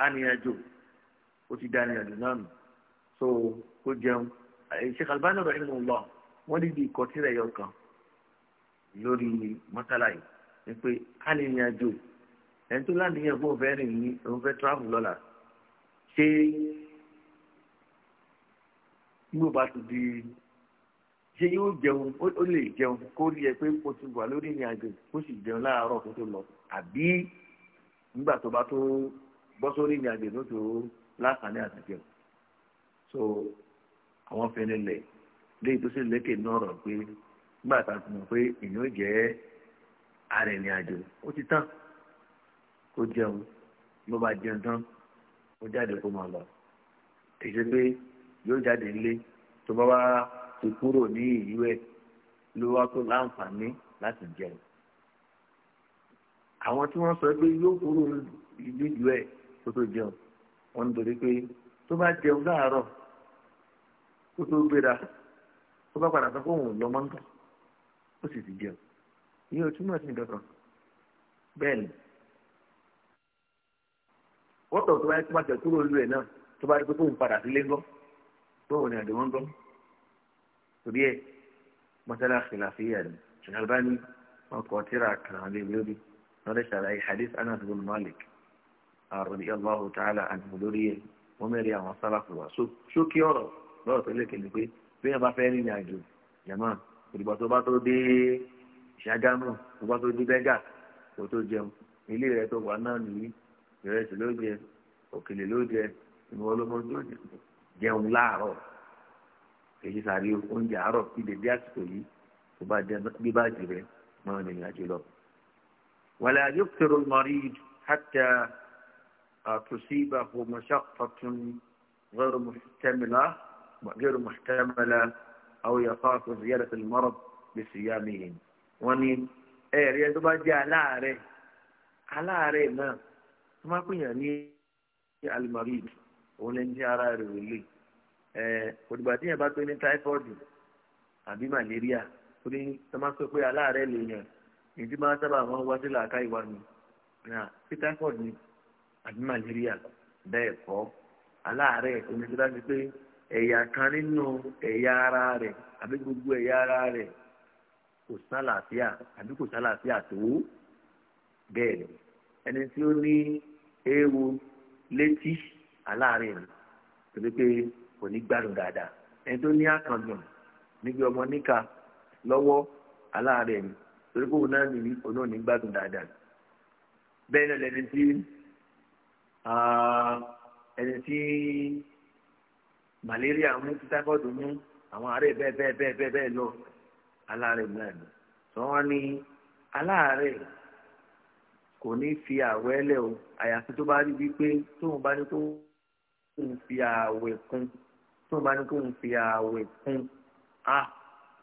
àníyànjò ó ti da ní àjò náà nù so kó jẹun ṣe kàlùbánu rẹ̀ nínú lọ wọ́n ní bí ìkọtí rẹ̀ yọ kan lórí mọ́tàlá yìí ni pé alìyànjò ẹni tó láníyàn fún òfẹ́ rìn ní òun travel lọ́la ṣé yóò bá ti di ṣé yóò jẹun ó lè jẹun kó rí ẹ pé kó ti wà lórí ìrìn àjò kó sì jẹun láàárọ̀ kó tó lọ àbí nígbà tó bá tó bọ́ sórí ìrìn àjò tó tó láǹfààní àti jẹun so àwọn fẹ́ni lẹ̀ léyìí tó sì lékè náà rọ̀ pé nígbà tá a ti mọ̀ pé èèyàn jẹ́ arìnrìn àjò ó ti tán kó jẹun ló bá jẹun tán ó jáde kó máa lọ èyí pé yóò jáde nílé tó bá wá ti kúrò ní ìlú ẹ̀ ló wá tó láǹfààní láti jẹun àwọn tí wọ́n sọ pé yóò kúrò ní ìlú ẹ̀ kó tó jẹun wọ́n ń pé tó bá jẹun láàárọ̀ kó tó gbéra tó bá padà sọ pé òun ò lọ mọ́ńtà ó sì ti jẹun ìyẹn ò túmọ̀ sí nǹkan kan bẹ́ẹ̀ ni wọ́n tọ̀ tó bá yẹ kó má tẹ̀ kúrò lù ẹ̀ náà tó bá yẹ kó tóun padà sílé ńgọ́ tóun ní àdéhùn ńgọ́ torí ẹ̀ mọ́tálá fìlàfíà ni ṣùgbọ́n ní wọn kọ́ tíra kan lé lórí wọn ṣàlàyé hadith anas bin malik radiyallahu ta'ala anhu lórí ẹ̀ wọ́n mẹ́rin àwọn sálàfù wa ṣókí ọ̀rọ̀ lọ́rọ̀ tó lékele pé bí wọ́n bá fẹ́ rìnrìn àjò jàmáà ìgbà tó bá tó dé ṣàgámù tó bá tó dé bẹ́gà kó tó jẹun ilé rẹ tó wà náà nìyí ìrẹsì ló jẹ òkèlè ló jẹ ìmọ̀ ológun tó jẹun láàárọ̀ èyí sàrí oúnjẹ àárọ̀ kí dèbí àsìkò yìí tó bá jẹ bí bá jì rẹ mọ́ ènìyàn àjò lọ. wàlẹ́ àyọ̀kẹ́rọ mọ̀rí hàtà àtúnṣíbà fòmọ̀ṣàkọ̀tún غير محتملة غير محتملة أو يخاف زيادة المرض بصيامهم wọ́n ní ẹ̀rí ẹ tó bá jẹ́ aláàárẹ̀ aláàárẹ̀ náà tó máa pè yàn ní alimarid òun lè ní ara rẹ̀ ò lè ẹ̀ òdìgbà tí yẹn bá pé ní táífọ́ọ̀dù àbí màlẹ́ríà ó ní tó máa sọ pé aláàárẹ̀ lè yàn èyí tí máa sábà máa ń wá sí làákà ìwà ni pé táífọ́ọ̀dù àbí màlẹ́ríà bẹ́ẹ̀ kọ́ aláàárẹ̀ oníṣẹ́ dájú pé ẹ̀yà kan nínú ẹ̀yà ara rẹ̀ àbí gbogbo ẹ̀yà ara rẹ̀ kò sálàáfíà àbí kò sálàáfíà tó bẹ́ẹ̀ ni ẹni tí ó ní ewu létí aláàárín rẹ̀ torí pé kò ní gbádùn dáadáa ẹni tó ní àkàndùn níbi ọmọ níka lọ́wọ́ aláàárín rẹ̀ torí pé òun náà ní òun náà ní gbádùn dáadáa bẹ́ẹ̀ tí ẹni tí. malaria mú typhoid mú àwọn àárẹ̀ bẹ́ẹ̀ bẹ́ẹ̀ bẹ́ẹ̀ bẹ́ẹ̀ bẹ́ẹ̀ lọ aláàárẹ̀ náà ni sọ wọn ní aláàárẹ̀ kò ní fi àwẹ̀ lẹ̀ o àyàfi tó bá rí wípé tóun bá ní kó ń fi àwẹ̀ kún tóun bá ní kó ń fi àwẹ̀ kún á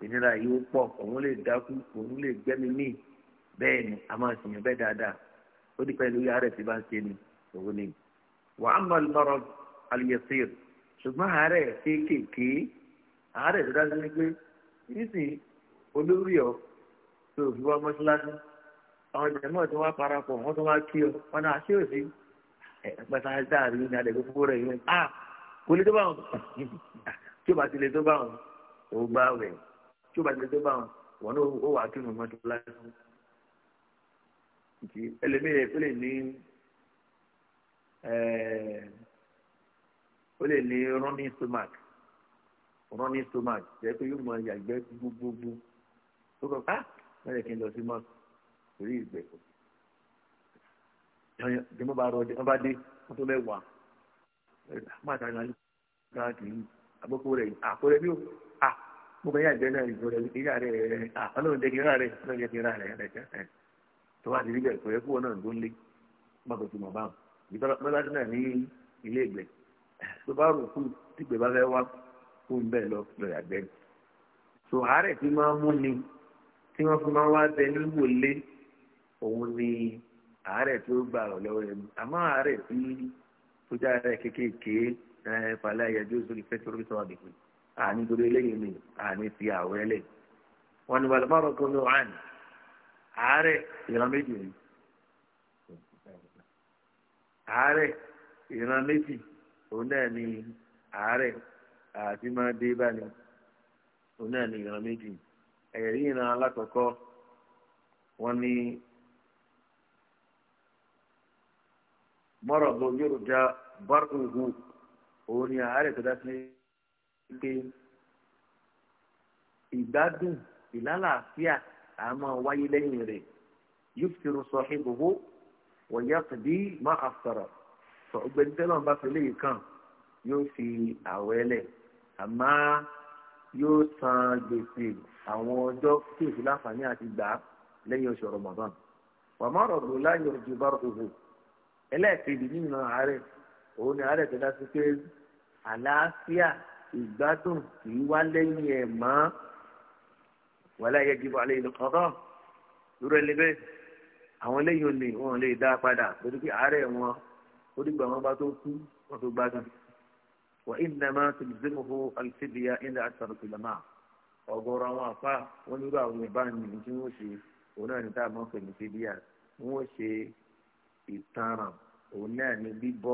ìnira yìí ó pọ̀ òun lè dákú òun lè gbẹ́mi míì bẹ́ẹ̀ ni a máa sìyàn bẹ́ẹ̀ dáadáa ó dìpẹ́ lórí àárẹ̀ tí bá ń ṣe ni òun ni wàá lọ́rọ̀ al ṣùgbọ́n àárẹ̀ kéékèèké àárẹ̀ tó dájú ni pé nísìn olórí ọ tó fi wá mọ́ṣáláṣí àwọn ìjàmbá tí wọ́n parapọ̀ wọ́n tó wá kí ọ wọn náà ṣé òsì pẹ̀sà dáàrí ní adẹ̀gbẹ́ fúnfún rẹ̀ yẹn ah kò lè tó bá wọn (laughs) tí o bá ti lè tó bá wọn ò gbá wẹ̀ tí o bá ti lè tó bá wọn wọn náà ó wà kí mọ̀mọ́ tó láti ẹlẹ́mìíràn ìpínlẹ̀ ní ẹ̀ẹ́. ó lè ní running stomach running stomach jẹ́ pé yóò mọ ìyàgbẹ́ gbogbogbò tó kọ ká ah! mẹ́rin kí n lọ sí mọ́ torí ìgbẹ́ bá rọ ọdẹ wọ́n bá dé wọ́n tó mẹ́wàá máa ta ìlànà káàkiri àkókò rẹ̀ àkórẹ́ bí ó à ah! mo bẹ yà náà ìyá à ah! rà tó náà má kò báwọn ìgbà náà ní tó bá rò kú tìgbẹ́ bá fẹ́ wá kú bẹ́ẹ̀ lọ lọ yàgbẹ́ ni so àárẹ̀ tí máa mú ni tí wọ́n fi máa wá bẹ níwò lé òun ni àárẹ̀ tí ó gbà ọ̀ lọ́wọ́ ẹni àmọ́ àárẹ̀ tí tó já àárẹ̀ kéékèèké ẹ̀ falẹ̀ ẹ̀yẹ́jú sórí fẹ́tọ́rọ́ bí sọ́wọ́ àdìgún àní torí eléyìí ni àní ti àwẹ̀ lẹ̀ wọn ni wàlúùmọ́ ọ̀rọ̀ kan ló òun náà ni àárẹ̀ àti máa dé báni òun náà ni ìran méjì ẹ̀rí ìran alákọ̀ọ́kọ́ wọn ni mọ́rọ̀dọ̀ yorùbá bárùhù òun ni àárẹ̀ tó dá sí pé ìgbádùn ìlàlàáfíà àmọ́ wáyé lẹ́yìn rẹ̀ yóò fi rú sọ ìbòho wọ̀nyá tàbí má àfẹ́rọ̀ sọ ọ̀gbẹ́ni tẹ́lọ̀ bá fi léyìí kàn yóò fi àwẹ̀ lẹ̀ àmọ́ yóò san gbèsè àwọn ọjọ́ tí èsì láǹfààní àti gbà á lẹ́yìn oṣù Ramadan wàmọ́ rọ̀rọ̀ láyọ̀ ju bá rògbò ẹlẹ́ẹ̀kejì nínú àárẹ̀ òun ni àárẹ̀ tẹ́lá sí pé àlàáfíà ìgbádùn kì í wá lẹ́yìn ẹ̀ mọ́ wàlá yẹ jìbọ̀ àlẹ́ ìlú kọ̀ọ̀kan lórí ẹlẹ́gbẹ́ àwọn eléyìí ò wọn lè dá padà torí pé àárẹ̀ wọn ó dìgbà wọn bá tó kú wọn tó gbádùn wà ìnàmá tìlìsímùhù alìsídìyà ìnà àtàrùkìlámà ọgọrọ àwọn àfa wọn ní irú àwọn ìbáni tí wọn ṣe òun náà ní táà máa ń pè ní fídíà wọn ṣe ìtanràn òun náà ní bíbọ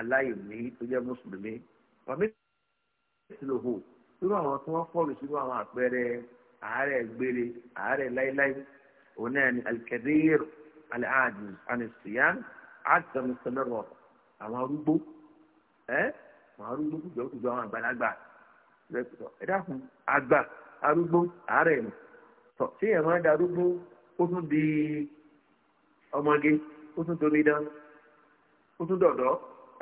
aláìní tó jẹ mùsùlùmí wàmí ìsìlòhò irú àwọn tí wọn fọlù sínú àwọn àpẹẹrẹ àárẹ̀ gbére àárẹ̀ láíláí òun náà ní alikẹdẹẹrù aláàjì anisiyan àtẹnusẹmẹrọ àwọn arúgbó ẹ àwọn arúgbó kùjọ kùjọ àwọn àgbàlagbà ẹ dákun àgbà arúgbó àárẹ̀ nù tọ tí ẹ máa da arúgbó ó tún di ọmọge ó tún torí dán ó tún dọ̀dọ̀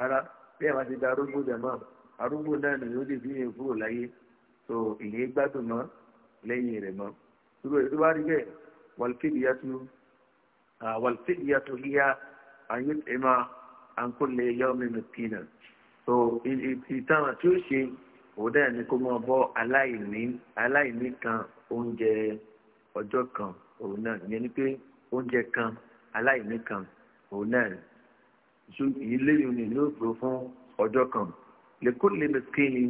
ara bí ẹ máa ti da arúgbó dẹ̀ mọ́ arúgbó náà nìyó lè bí yẹn kúrò láyé so ìyẹn gbádùn mọ́ lẹ́yìn rẹ̀ mọ́ irú ẹ̀ tó bá rí bẹ́ẹ̀ wọ́n kéde yá tún. والفدية هي أن يطعم عن كل يوم مسكينا so ìtàn tí ó ṣe òdà ni kó máa bọ́ aláìní aláìní kan oúnjẹ ọjọ́ kan òun náà ìyẹn ni pé oúnjẹ kan aláìní kan òun náà ju ìléyìn ni yóò dúró fún ọjọ́ kan lẹ́kọ́ lè mẹ́kẹ́ ni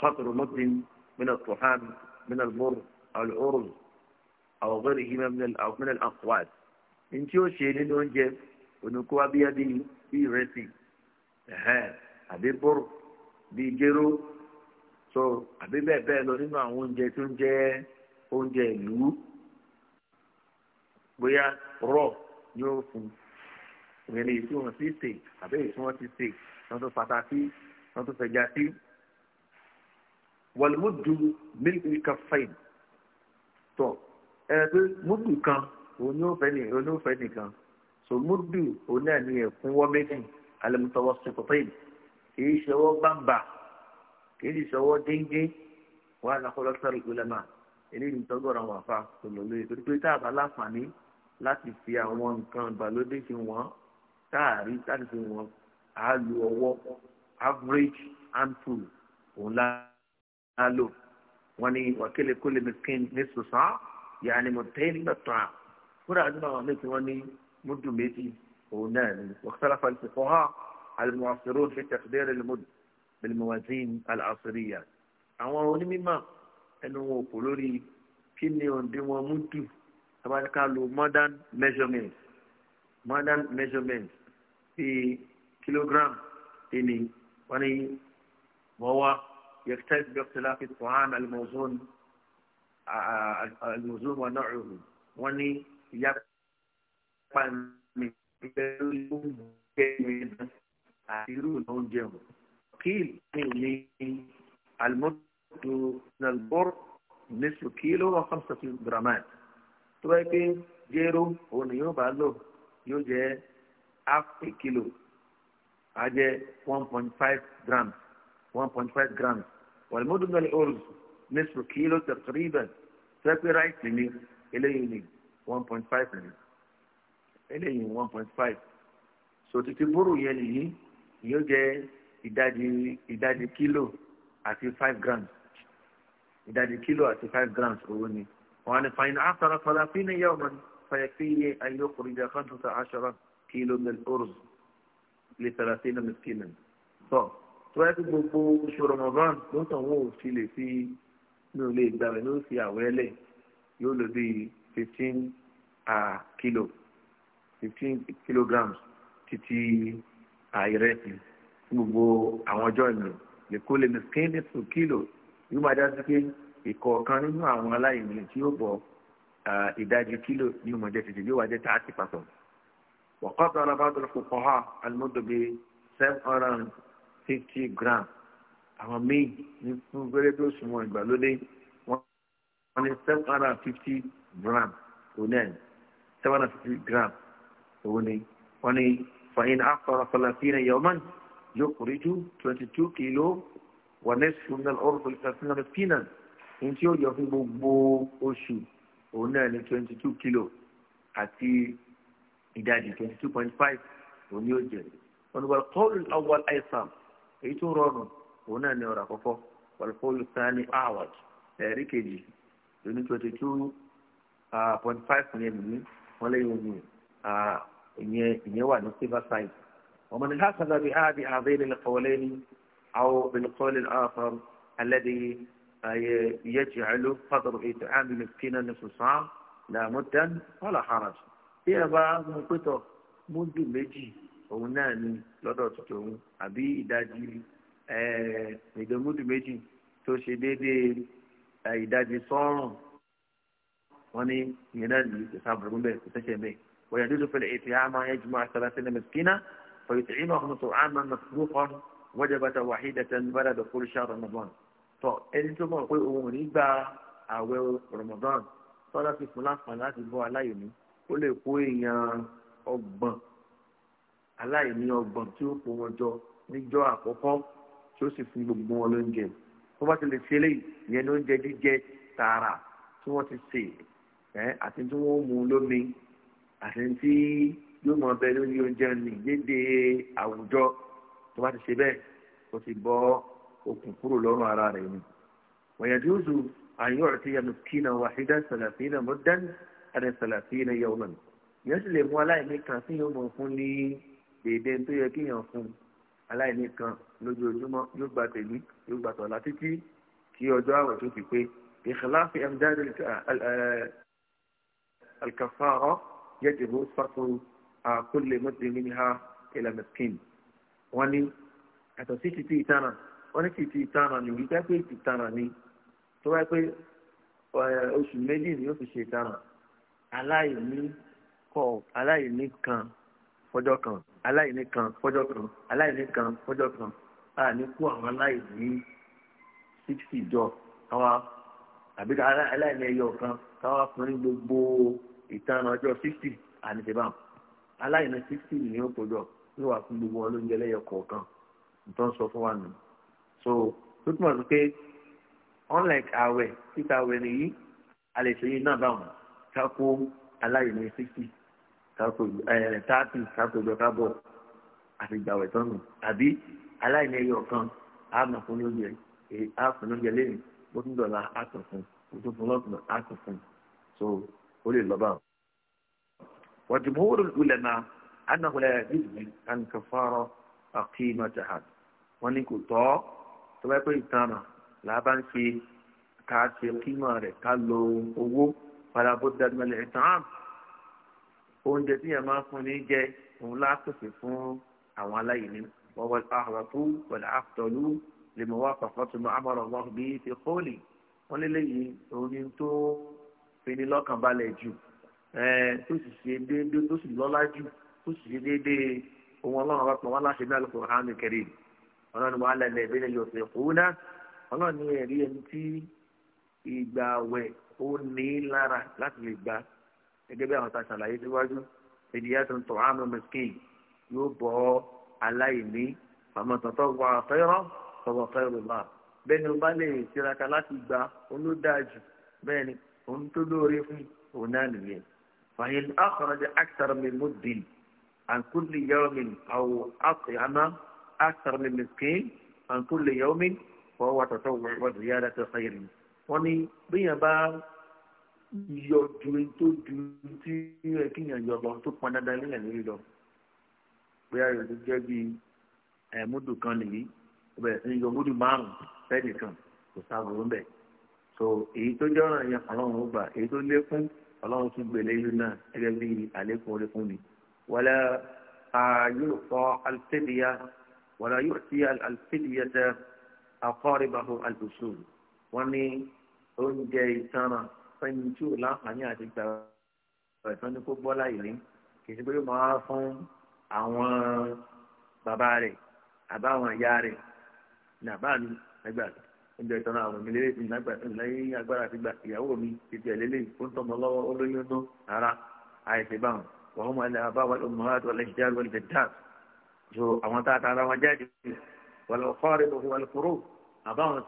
fàtọ̀rọ̀ mọ́tìn mìíràn tọ̀hán mìíràn mọ́rù àlùhóró أو غيرهما من من الأقوال إن تيو شيء نونجة ونكوا بيدي في رسي ها أبي بر بي جرو so àbí bẹ́ẹ̀ bẹ́ẹ̀ lọ nínú àwọn oúnjẹ tó ń jẹ́ oúnjẹ ìlú bóyá rọ̀ ni ó fún ìyẹn lè tí wọ́n ti sè àbí èyí tí wọ́n ti sè wọ́n tó fata sí wọ́n tó fẹja sí. wàlúùdù mílíkì kàfáìn tọ̀ ẹgbẹ́ múdù kan onífẹ́ nìkan so múdù òun náà ní ẹ̀kúnwọ́ méjì alẹ́mùtọ́wọ́ sèpọ̀pẹ́yì kìí ṣọwọ́ bàǹbà kìí ṣọwọ́ déńdé wà lákọ́lọ́ sọ̀rọ̀ ìgbélẹ́mà eléyìí tọ́gọ̀rọ̀ wà fà tòlóló torí pé tá a bá láǹfààní láti fi àwọn nǹkan ìgbàlódé fi wọ́n táàrí láti fi wọ́n á lu ọwọ́ average handful òun lá lò wọ́n ní wàkélé kólé mi kí ní sùsàn. يعني متهم بالطعام هنا عندنا نتواني مد ميتي ونال يعني واختلف الفقهاء المعاصرون في تقدير المد بالموازين العصرية أما هنا مما أنه قلولي كني وندي ومد أما قالوا مدن ميجرمنت مدن ميجرمنت في كيلوغرام يعني إني وني وهو يختلف باختلاف الطعام الموزون àlùzó wọn náà rò wọn ní ìyá pa mi pẹ̀lú oúnjẹ mi àti irú oúnjẹ wọn kí ìlú mi ní àlùmọ́tò nàlbọ́rọ̀ nísù kílò wọn kàn sọ fún dramad tó bá pé jéró òun ni yóò bá lò yóò jẹ half a kilo a grams one grams wàlúmọ́tò nàlbọ́rọ̀ nísù kílò tẹ̀kìrìbẹ̀ sẹ́pẹ́ ráìtì mi eléyìí ni one point five ni eléyìí one point five so títí búrú yẹn nìyí yóò jẹ ìdajì ìdajì kílò àti five grams ìdajì kílò àti five grams owó ni wọn ni fain afara falafin yẹ ọmọ fayafiye ayọkùnrin jẹ kọ́ńtùtà aṣọra kílò mẹlẹ́ọ̀rọ̀ lè fẹ́ràn sí ní mẹsìkìnnì. sọ tó yẹ kí gbogbo oṣù rọmọbán ló tàn wọn ò fi lè fi mi ò lè gbàwẹ̀ ní oṣù àwẹ́lẹ̀ yóò lò bí fifteen kilo fifteen kilograms títí àìrẹ́sì gbogbo àwọn ọjọ́ ìlú lè kó lè miskin ní two kilo yóò máa dájú pé ìkọ̀ọ̀kan nínú àwọn aláìní tí yóò bọ̀ ìdajì kílò ní ìmọ̀jẹ́ tètè yóò wá jẹ́ tààtì pàtó. wọ́n kọ́ tọ́ra bá dọ̀rọ̀ fòkàn hàn alimodo bíi seven hundred and fifty grams àwọn míì ní fún gbẹ́rẹ́ tó súnmọ́ ìgbàlódé wọ́n ní seven hundred and fifty gram òun náà seven hundred and fifty gram òun ni wọ́n ní fàyín afọ́ra fọláfínà yọ̀ọ́mán yóò kórè ju twenty two kilo wà nẹ́sùn náà ọ̀rọ̀ fọláfínà fínà ní tí ó yọ fún gbogbo oṣù òun náà ní twenty two kilo àti ìdajì twenty two point five òun ni ó jẹ. wọ́n ní wọ́n kọ́ ọ́n àwọn àìsàn èyí tó rọrùn. ona ni ora kofo wal qawl thani awad erikeji ni 22 0.5 ni ni wala yoni a nye nye wa no siba sai ومن حصل بهذه هذين القولين او بالقول الاخر الذي يجعل قدر اطعام مسكينا نصف لا مدا ولا حرج هي بعض مكتوب منذ مجي او ناني لدى تتوم ابي داجي ìdòmúdù méjì tó ṣe déédéé ìdajì sọ́ọ̀rùn wọn ní ìyẹn náà lè kò sábà rúbẹ̀ kò sẹ́sẹ̀ bẹ́ẹ̀ wọ́n yàtọ̀ fẹ́lẹ̀ ètò yà máa yẹjú máa sọ̀rọ̀ sílẹ̀ mẹ́sìkínà fọyìntì ìmọ̀ ọ̀hún tó àmà mẹ́sìkúkọ́n wajabata wahidatan bára dọ̀ kúrú ṣáà rọmọdán tọ ẹni tó mọ̀ pé òun ò ní gba àwẹ̀ rọmọdán tọ́lá fi fún láǹfààní láti bọ́ aláìní ó lè kó èèyàn ọgbọ̀n aláìní ọgbọ̀n tí ó kó jọ níjọ́ àkọ́kọ́ tí ó sì fún gbogbo wọn lóúnjẹ tó bá ti lè ṣe eléyìí ìyẹn ní oúnjẹ jíjẹ tààrà tí wọ́n ti sè ẹ́ àti tí wọ́n mú lómi àti tí yóò mọ bẹ lórí oúnjẹ ní dédé àwùjọ tó bá ti ṣe bẹ́ẹ̀ ó ti bọ́ okùn kúrò lọ́rùn ara rẹ̀ ni. wọ̀nyẹ̀dì oṣù àyọ̀ àti yamukina wàhídà sàlàfínà mọ́dán àti sàlàfínà yọ̀ọ̀mọ̀ yẹn sì lè mú aláìní kan sí yóò mọ̀ fún ní dédé tó yẹ kéèyàn fún un aláìní kan lójoojúmọ́ yóò gba tèmi yóò gba tọ̀la títí kí ọjọ́ àwẹ̀ tó fi pé ìkìláàfin ẹ̀mdáàdì alkafaro yajibu sọ́tò kulli mùsùlùmí ní ha ìlànà skin wọ́n ní ẹ̀tọ́ sí títí ìtànà wọ́n ní títí ìtànà ní wíjá pé ìtànà ní tó wáyé pé oṣù méjì ni ó fi ṣe ìtànà aláìní kan fọjọ́ kan aláìní kan fọ́jọ́ kan aláìní kan fọ́jọ́ kan a ní kó àwọn aláìní sixty jọ káwa àbí aláìní ẹyọ kan káwa fún ní gbogbo ìtàn ọjọ́ sixty àníṣebáwọn aláìní sixty ni ó kójọ ní wàá fún gbogbo wọn lóúnjẹ lẹ́yọ kọ̀ọ̀kan tó ń sọ fún wa nù so tó túmọ̀ sí pé unlike àwẹ̀ títa àwẹ̀ nìyí a lè ṣe yìí náà báwọn ká kó aláìní sixty tààtì sàkójọ kábọ̀ àti gbàwẹ̀ tọ́nù àbí aláìní ẹyọ kan àmọ̀ fún lóúnjẹ àfún e, lóúnjẹ lẹ́yìn bó tún dọ̀la àtọ̀ fún ojú fún lọ́sùn àtọ̀ fún so ó lè lọ́ba. wàjú mọ́ wúrò lulẹ̀ náà anáhùlẹ̀ yìí kan kàfàrọ̀ àkíyèmọ̀ tàhà wọn ni kò tọ́ tó bá pẹ́ ìtàn làbá ń ṣe ká ṣe kímọ̀ rẹ̀ ká lo owó padà bó dáadáa lẹ́yìn oúnjẹ tí yẹn máa ń fún ní jẹ òun lápèsè fún àwọn aláìní wọ́n àràfú wal àfùtọ́lù lè mọ̀ wá pàfọ́tùmọ̀ amọ̀rọ̀ wọn bí ti kọ́ọ̀lì wọ́n lé léyìí òun ni tó fini lọ́kàn balẹ̀ jù eh, tó sì ṣe déédéé tó sì lọ́lá jù tó sì ṣe déédéé ohun ọlọ́run bá pọ̀ wọ́n láṣẹ ní Al-Qur'an Karim ọlọ́run wà lẹ́lẹ̀ ìbílẹ̀ yóò fi kú ná ọlọ́run ní ẹ̀rí ẹni tí ìgbà wẹ̀ ó ní lára láti lè gba gẹ́gẹ́ bí àwọn ta ṣàlàyé síwájú ìdíyà tó ń tọ̀ àmọ́ mẹ́sìkìn yóò bọ́ aláìní àmọ́ tọ̀tọ̀ wà fẹ́ràn tọ̀wọ̀ fẹ́ràn bá bẹ́ẹ̀ ni o bá lè tiraka láti gba olódàájú bẹ́ẹ̀ ni òun tó lóore fún òun náà nìyẹn. fàyẹn àkàràjẹ àkàràmì mọ́dìlì àǹkúlì yọ̀ọ̀mìn àwọ̀ àkàràmà àkàràmì mẹ́sìkìn àǹkúlì yọ̀ọ̀mìn fọwọ́ tọ̀tọ̀ wọ̀ yọ ju ẹni tó ju tí yẹ kí yẹn yọ lọ tó pọn dandan léyìn lórí lọ bóyá yọ tó jẹ́ bí múdù kan nìyí ó bẹ̀rẹ̀ sí yọ múdù márùn fẹ́ẹ̀dì kan kò sáàbùrù ń bẹ̀ so èyí tó jẹ́ ọ̀ràn yẹn ọlọ́run ó gbà èyí tó lékún ọlọ́run tún gbèlè ìlú náà gẹ́gẹ́ bí àlékún oríkún ni wala yóò kọ́ alfẹ́dìyà wala yóò sí alfẹ́dìyà tẹ akọ́rìbàhù alùsùn wọ́n ní oúnjẹ ìtanràn fẹ́ni tí ò láǹfààní àti gbà ẹ̀tàn ní kó gbọ́ láyè rí kì í ṣe pé yóò máa fún àwọn bàbá rẹ̀ àbáwọn ìyá rẹ̀ ní àbá mi ẹgbà oúnjẹ ìtọ́nà àwọn mi lélẹ́yìn lẹ́yìn agbára àti gbà ìyàwó mi títí ẹ̀lẹ́lẹ́ ó ń tọmọ lọ́wọ́ olóyún ná ara àìsè báwọn wọ́n mọ ilẹ̀ àbá wọlé ọmọ wọn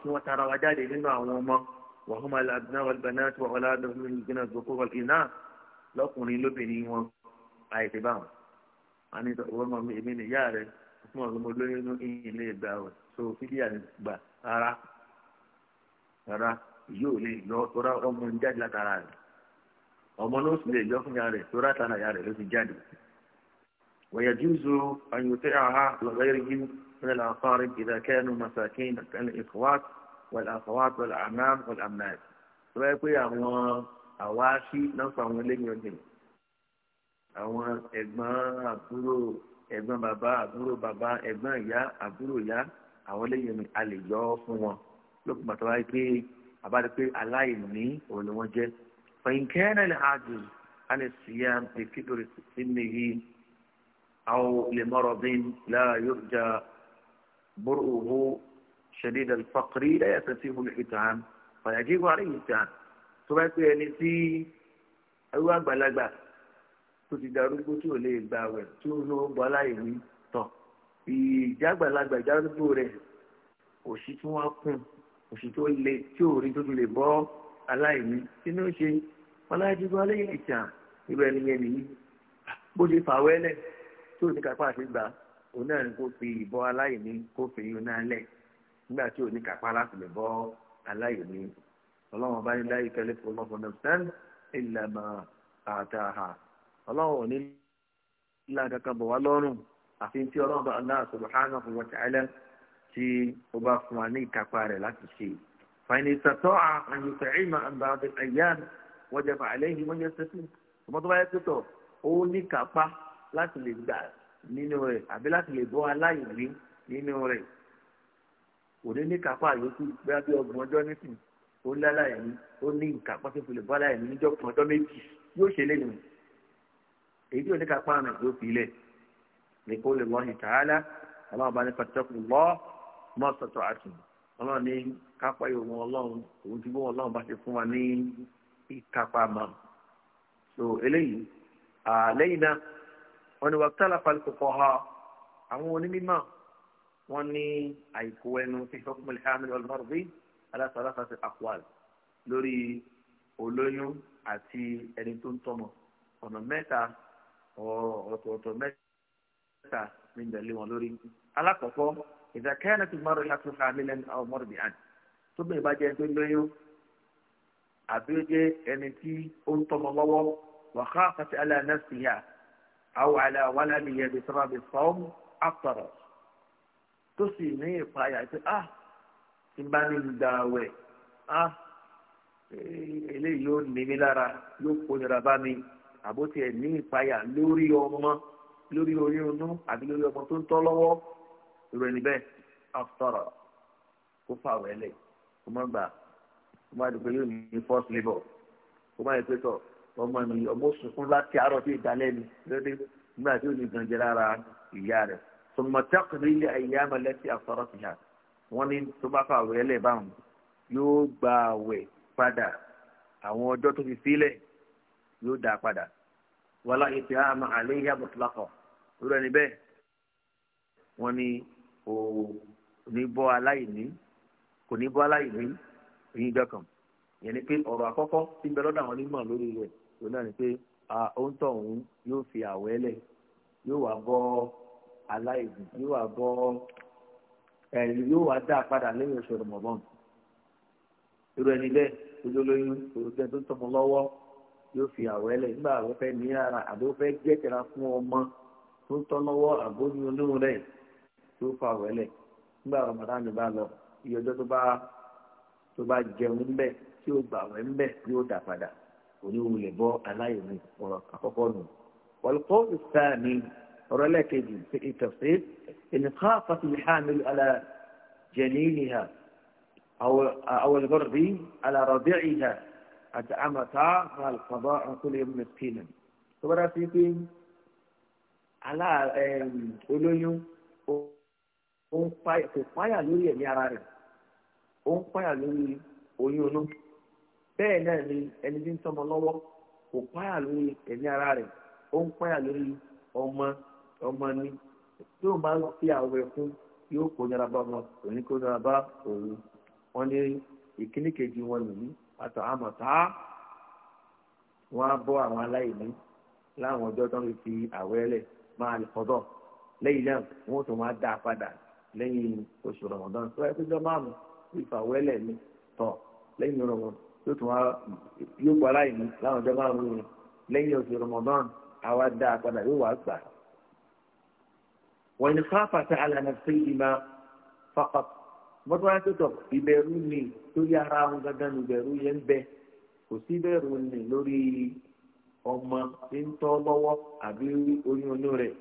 jáde wọn jáde وهما الأبناء والبنات وأولادهم من الذكور والإناث لو كوني لبني و أيتبام أني تقوم بإبن جاري اسمه المدلوني إن لي باو سو في لي أنا يعني با أرا أرا يو لي لو ترى أم جاد جد لا ترى أم نوس لي لو كن جاري ترى تنا جاري لو جد ويجوز أن يطيعها لغيرهم من الأقارب إذا كانوا مساكين الاخوات wàlàfọwàt wàlàmàm wàlàmàd tó bá yẹ pé àwọn àwáṣí náà pa àwọn lẹ́yìn ọ̀dẹ̀ àwọn ẹ̀gbọ́n àbúrò ẹ̀gbọ́n bàbá àbúrò bàbá ẹ̀gbọ́n ìyá àbúrò ìyá àwọn lẹ́yìn mi a lè yọ ọ́ fún wọn lókùn bàtà wáyé pé àbáde pé aláìní òun ni wọ́n jẹ́ fẹ̀yìnkẹ́rẹ́ lè hajù alẹ́ síyá lè kíkiri sínú yìí àwọn lè mọ̀rọ̀ bí láàyò jà bóró òhó. شديد الفقر لا يستطيع الحتام فيجب عليه الحتام tó bá pé ẹni tí ẹwú àgbàlagbà tó ti darúgbó tí ò lè gbà wẹ̀ tí ó ló bọ́ aláìní tọ̀ ìjà àgbàlagbà ìdárúgbó rẹ̀ òṣì tí wọ́n kùn òṣì tó le tí ò rí tó lè bọ́ aláìní tí ní ó ṣe ọlájúgbó aláìní ìjà irú ẹni yẹn nìyí bó ṣe fàwẹ́lẹ̀ tí ò ní kápá àti gbà òun náà ni kó fi ìbọn aláìní kó fi yún náà lẹ̀ nígbà tí ò ní kápá láti lè bọ́ aláìní ọlọ́run bá ní láyé kẹlẹ́ fún ọlọ́run fún ẹ̀sán ìlànà àtàhà ọlọ́run ò ní ilá kankan bọ̀ wá lọ́rùn àfi tí ọlọ́run bá Allah subhanahu wa ta'ala tí ó bá fún wa ní ìkápá rẹ̀ láti ṣe. fàìní sàtọ́ àyùkọ̀ ìmọ̀ àgbà ẹ̀yà wọ́jọba àlẹ́yìn wọ́n yẹ sẹ́sì ọmọ tó bá yẹ pẹ́tọ̀ ó ní kápá láti lè gbà nínú rẹ̀ àbí láti lè bọ́ aláìní nínú rẹ̀ kò dé ní kápá àyókù bí abẹ́ ọgbọ̀n ọjọ́ nísìn ó lálá ẹ̀mí ó ní ìkápá tó fi lè bọ́ láì ní níjọ́ kan ọjọ́ méjì yóò ṣe lé nìyẹn èyí tí ò ní kápá àmì tó fi lẹ̀ ní kó lè wọ́n ìtàhálà ọlọ́run bá ní pàtẹ́kù lọ́ mọ́ sọ̀tọ̀ àtùn ọlọ́run ní kápá ìwọ̀n ọlọ́run òun ti bọ́ ọlọ́run bá ti fún wa ní ìkápá mọ́ so eléyìí àlẹ́yìn náà wọn ni wàá tẹ́lá pàlùkù kọ́ ha àwọn onímọ̀ سني أي كوينو في حكم الحامل والمرضي على ثلاثة اقوال لوري ولونيو أتي أنتون تومو فما متى أو أو متى من دليل ولوري على كفو إذا كانت المرأة حاملا أو مرضيا ثم يبقى يقول لونيو أبيجي أنتي أنتم الله وخافت على نفسها أو على ولدها بسبب الصوم أفطرت tó sì ní ìpayà pé ah tí bá ní gba àwẹ̀ ah eléyìí yóò ní mi lára yóò kónira bá mi àbótí ẹ̀ ní ìpayà lórí ọmọ lórí oyúnnú àbí lórí ọmọ tó ń tọ́ lọ́wọ́ ìrò ẹni bẹ́ẹ̀ afọ́rọ̀ kó fà wẹ́lẹ̀ kó má gbà kó má dùgbẹ́ yóò ní first labour kó má yẹ pé tọ̀ ọmọ mi ọmọ sunkún láti àárọ̀ sí ìdálẹ́ mi lóde nígbà tí ò ní gànjẹ́ lára ìyá rẹ̀ tòmọtẹ́kù ní ilé ayé amọ̀lẹ́tì àfọ̀rọ̀ ti hà wọ́n ní tó bá fà wẹ́ lẹ̀ báwọn yóò gba àwẹ̀ padà àwọn ọjọ́ tó fi sílẹ̀ yóò dá padà wàlá ètò àmà àlẹ́ yìí àbọ̀tìlákọ̀ lórí ẹni bẹ́ẹ̀ wọ́n ní kò ní bọ́ aláìní kò ní bọ́ aláìní ìyìn gbẹ̀kàn yẹn ni pé ọ̀rọ̀ àkọ́kọ́ tí ń bẹ lọ́dọ̀ àwọn onímọ̀ lórí rẹ̀ lónìí ni pé ó ń yóò fi àwẹ̀ lẹ̀ yóò wá bọ́ aláìsàn yóò wá bọ́ ẹ̀yìn yóò wá dá padà lẹ́yìn oṣù rọ̀mọ̀bọ́n irú ẹni bẹ́ẹ̀ olólóyún olùkẹ́ tó ń tọmọ lọ́wọ́ yóò fi àwẹ́lẹ̀ nígbà àwọn fẹ́ ní ara àbí ó fẹ́ jẹ́kẹ̀ra fún ọmọ tó ń tọ́ lọ́wọ́ àbóyún olóhùn rẹ̀ tó fa àwẹ́lẹ̀ nígbà Ramadan bá lọ iye ọjọ́ tó bá tó bá jẹun ńbẹ tí ó gbà wẹ̀ ńbẹ yóò dà padà oníwulẹ̀ bọ́ aláìní ọ̀rọ̀ àkọ́kọ́ nù. wọ́n kọ́ ìsáà ní ọ̀rọ̀ ẹlẹ́ẹ̀kejì pé ìtọ̀sí ìnìkọ́ àfàtìlì hàmì alá jẹ̀lìlìhà àwọ̀lùbọ̀rì alárọ̀bẹ̀ ìhà àti àmàtà alfàbọ̀ àkúlẹ̀ mẹ́sìkìnà tó bá sí pé olóyún ó ń páyà lórí ẹ̀mí ara rẹ̀ ó ń páyà lórí oyún ọmọ ọmọ ni tí òun bá fi àwẹ̀ fún yóò kó nira bá wọn òní kó nira bá òun wọn ní ìkíní kejì wọn nìyí àtọ̀ àmọ̀tá wọn á bọ́ àwọn aláìní láwọn ọjọ́ tó ń fi àwẹ̀ lẹ̀ máa lè fọ́dọ̀ lẹ́yìn náà wọ́n tún máa dá a padà lẹ́yìn oṣù rọ̀mọ̀dán tó ẹ péjọ márùn-ún ìfàwẹ́lẹ̀ ni tọ̀ lẹ́yìn rọ̀mọ̀dán yóò tún wá yóò pa aláìní láwọn ọjọ́ márùn-ún lẹ́yìn oṣù rọ̀mọ̀dán àwa dá a padà yóò wá gbà á wọ́n ní fáfàtà àlànà sí ìmá fàkàt mọ́tò wá tó tọ̀ ìbẹ̀rù ni lórí ara wọn gangan ìbẹ̀rù yẹn ń bẹ kò sí ìbẹ̀rù ni lórí ọmọ tí ń tọ́ lọ́wọ́ àbí oyún oyún rẹ̀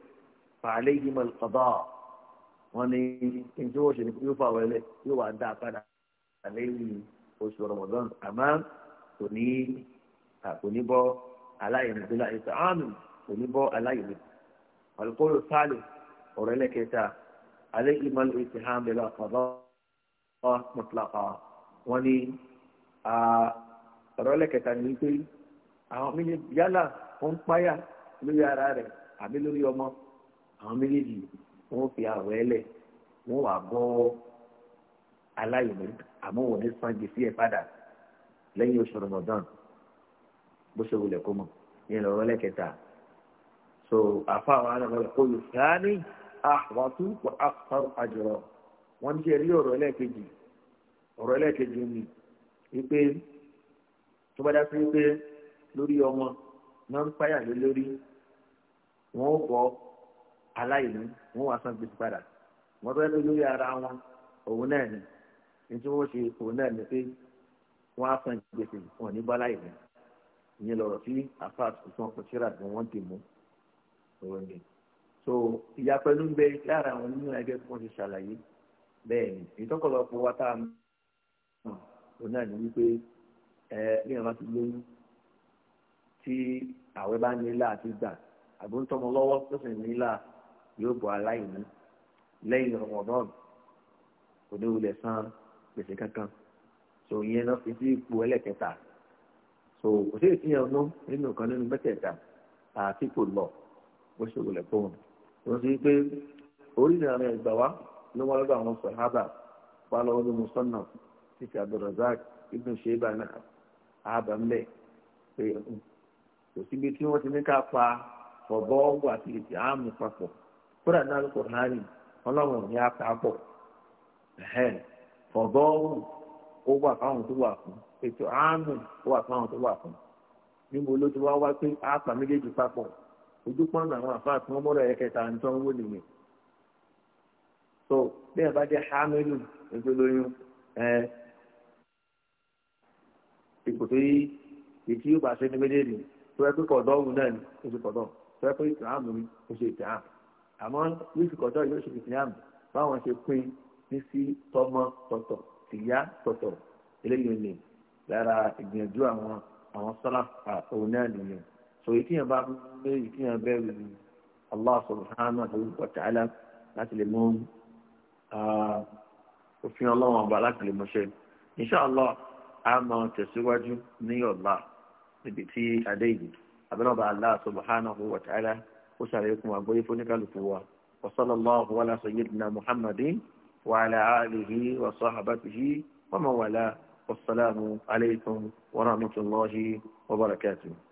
fàálẹ́ yìí mọ̀ lọ́dọ̀ wọn ni njẹ́ wọ́n ṣe ni yóò fà wẹ́lẹ̀ yóò wá dá a padà àlẹ́ yìí oṣù rọmọdán àmọ́ kò ní kò ní bọ́ aláìní bí láì sọ kò ní bọ́ aláìní ọ̀rọ̀ ẹlẹ́kẹta alẹ́ ìmọ̀lẹ́ ètò hàn bẹ̀rẹ̀ àkàbọ̀ mọ̀tìlápà wọn ni ọ̀rọ̀ ẹlẹ́kẹta ní pé àwọn méjèèjì yálà ó ń páyà lórí ara rẹ̀ àbí lórí ọmọ àwọn méjèèjì wọn fi àwọ̀ ẹlẹ̀ wọn wà bọ́ aláìní àmọ́ wọn ní san gbèsè ẹ̀ padà lẹ́yìn oṣù rọmọdán bó ṣe wulẹ̀ kó mọ̀ ìyẹn lọ́rọ̀ ẹlẹ́kẹta so àfa àwọn àlọ́ kó yóò sáà ní àwàtú wà áfàrù àjọrọ wọn jẹ rí ọ̀rọ̀ ẹlẹ́ẹ̀kejì ọ̀rọ̀ ẹlẹ́ẹ̀kejì ni wípé tó bá dá sí wípé lórí ọmọ náà ń páyà lé lórí wọn ó bọ aláìní wọn wà san gbèsè padà wọn tó yẹ kó lórí ara wọn òun náà ni ní tí wọn ṣe òun náà ni pé wọn á san gbèsè wọn ní bọlá ìlú ìyẹn lọ̀rọ̀ tí afa àtúntò ọkọ ni wọn dì mú òun ni so ìyapẹ̀lú ń bẹ lára àwọn onímọ̀ ẹgbẹ́ tí wọ́n ti ṣàlàyé bẹ́ẹ̀ ni ìtọ́kọ̀lọpọ̀ wa tá a mọ̀ òun náà ní wípé ẹ ní ìrànlọ́ ti lóyún tí àwẹ̀ bá nílà àti gbà àbí ń tọmọ lọ́wọ́ tó sì nílà yóò bọ̀ aláìní lẹ́yìn Ramadan kò ní wulẹ̀ san gbèsè kankan so ìyẹn náà fi sí ipò ẹlẹ́kẹta so kò sí ìtìyàn ọdún nínú kan nínú mẹ́tẹ̀ẹ̀ta àti kò lọ bó ṣe wulẹ̀ fóun wọ́n ti pé orílẹ̀ àwọn ẹ̀gbà wa ló wá lọ́dọ̀ àwọn sàhábà wà lọ́wọ́ ní musanna títí abdulrasaq ibn sheba náà àbá ń bẹ̀ pé kò síbi tí wọ́n ti ní ká pa ọ̀bọ̀ ọ̀gbọ̀ àti ìtì àmì papọ̀ kódà náà lóko hánì ọlọ́run ní apá pọ̀ ọ̀bọ̀ ó wà tó wà fún ètò àmì ó wà tó wà fún níbo ló ti wá wá pé àpà méjèèjì papọ̀ ojú pọ́n àwọn àfáà tí wọ́n mọ́ra ẹ̀kẹta ń tán wó nìyẹn so bí ẹ bá jẹ́ hamilu ẹgbẹ́ lóyún ẹ ipò tó yí ètí yóò bá ṣe ní méjèèjì tó yẹ pé kọ̀dọ̀ ọ̀hún náà ni oṣù kọ̀dọ̀ tó yẹ pé ìtìhámù ni oṣù ìtìhámù àmọ́ oṣù kọ̀dọ̀ yóò ṣe ìtìhámù báwọn ṣe pín ní sí tọmọ tọ̀tọ̀ tìyá tọ̀tọ̀ eléyìí ni lára ìgbìyànjú àwọn àwọn sọ́lá òun náà nìyẹn so èyí tí yẹn bá pé èyí tí yẹn bẹ̀rù ni Allah subhanahu wa ta'ala láti lè mú òfin ọlọ́run ọba láti lè mọṣẹ́ inṣàlá a máa tẹ̀síwájú ní ọ̀la níbi tí adé ìlú abẹ́nàbà Allah subhanahu wa ta'ala ó ṣàlékún àgbóyé fóníkàlùkù wa wa sallallahu sayyidina muhammadin wa ala alihi wa sahabatihi wa man wala alaykum wa rahmatullahi wa barakatuh.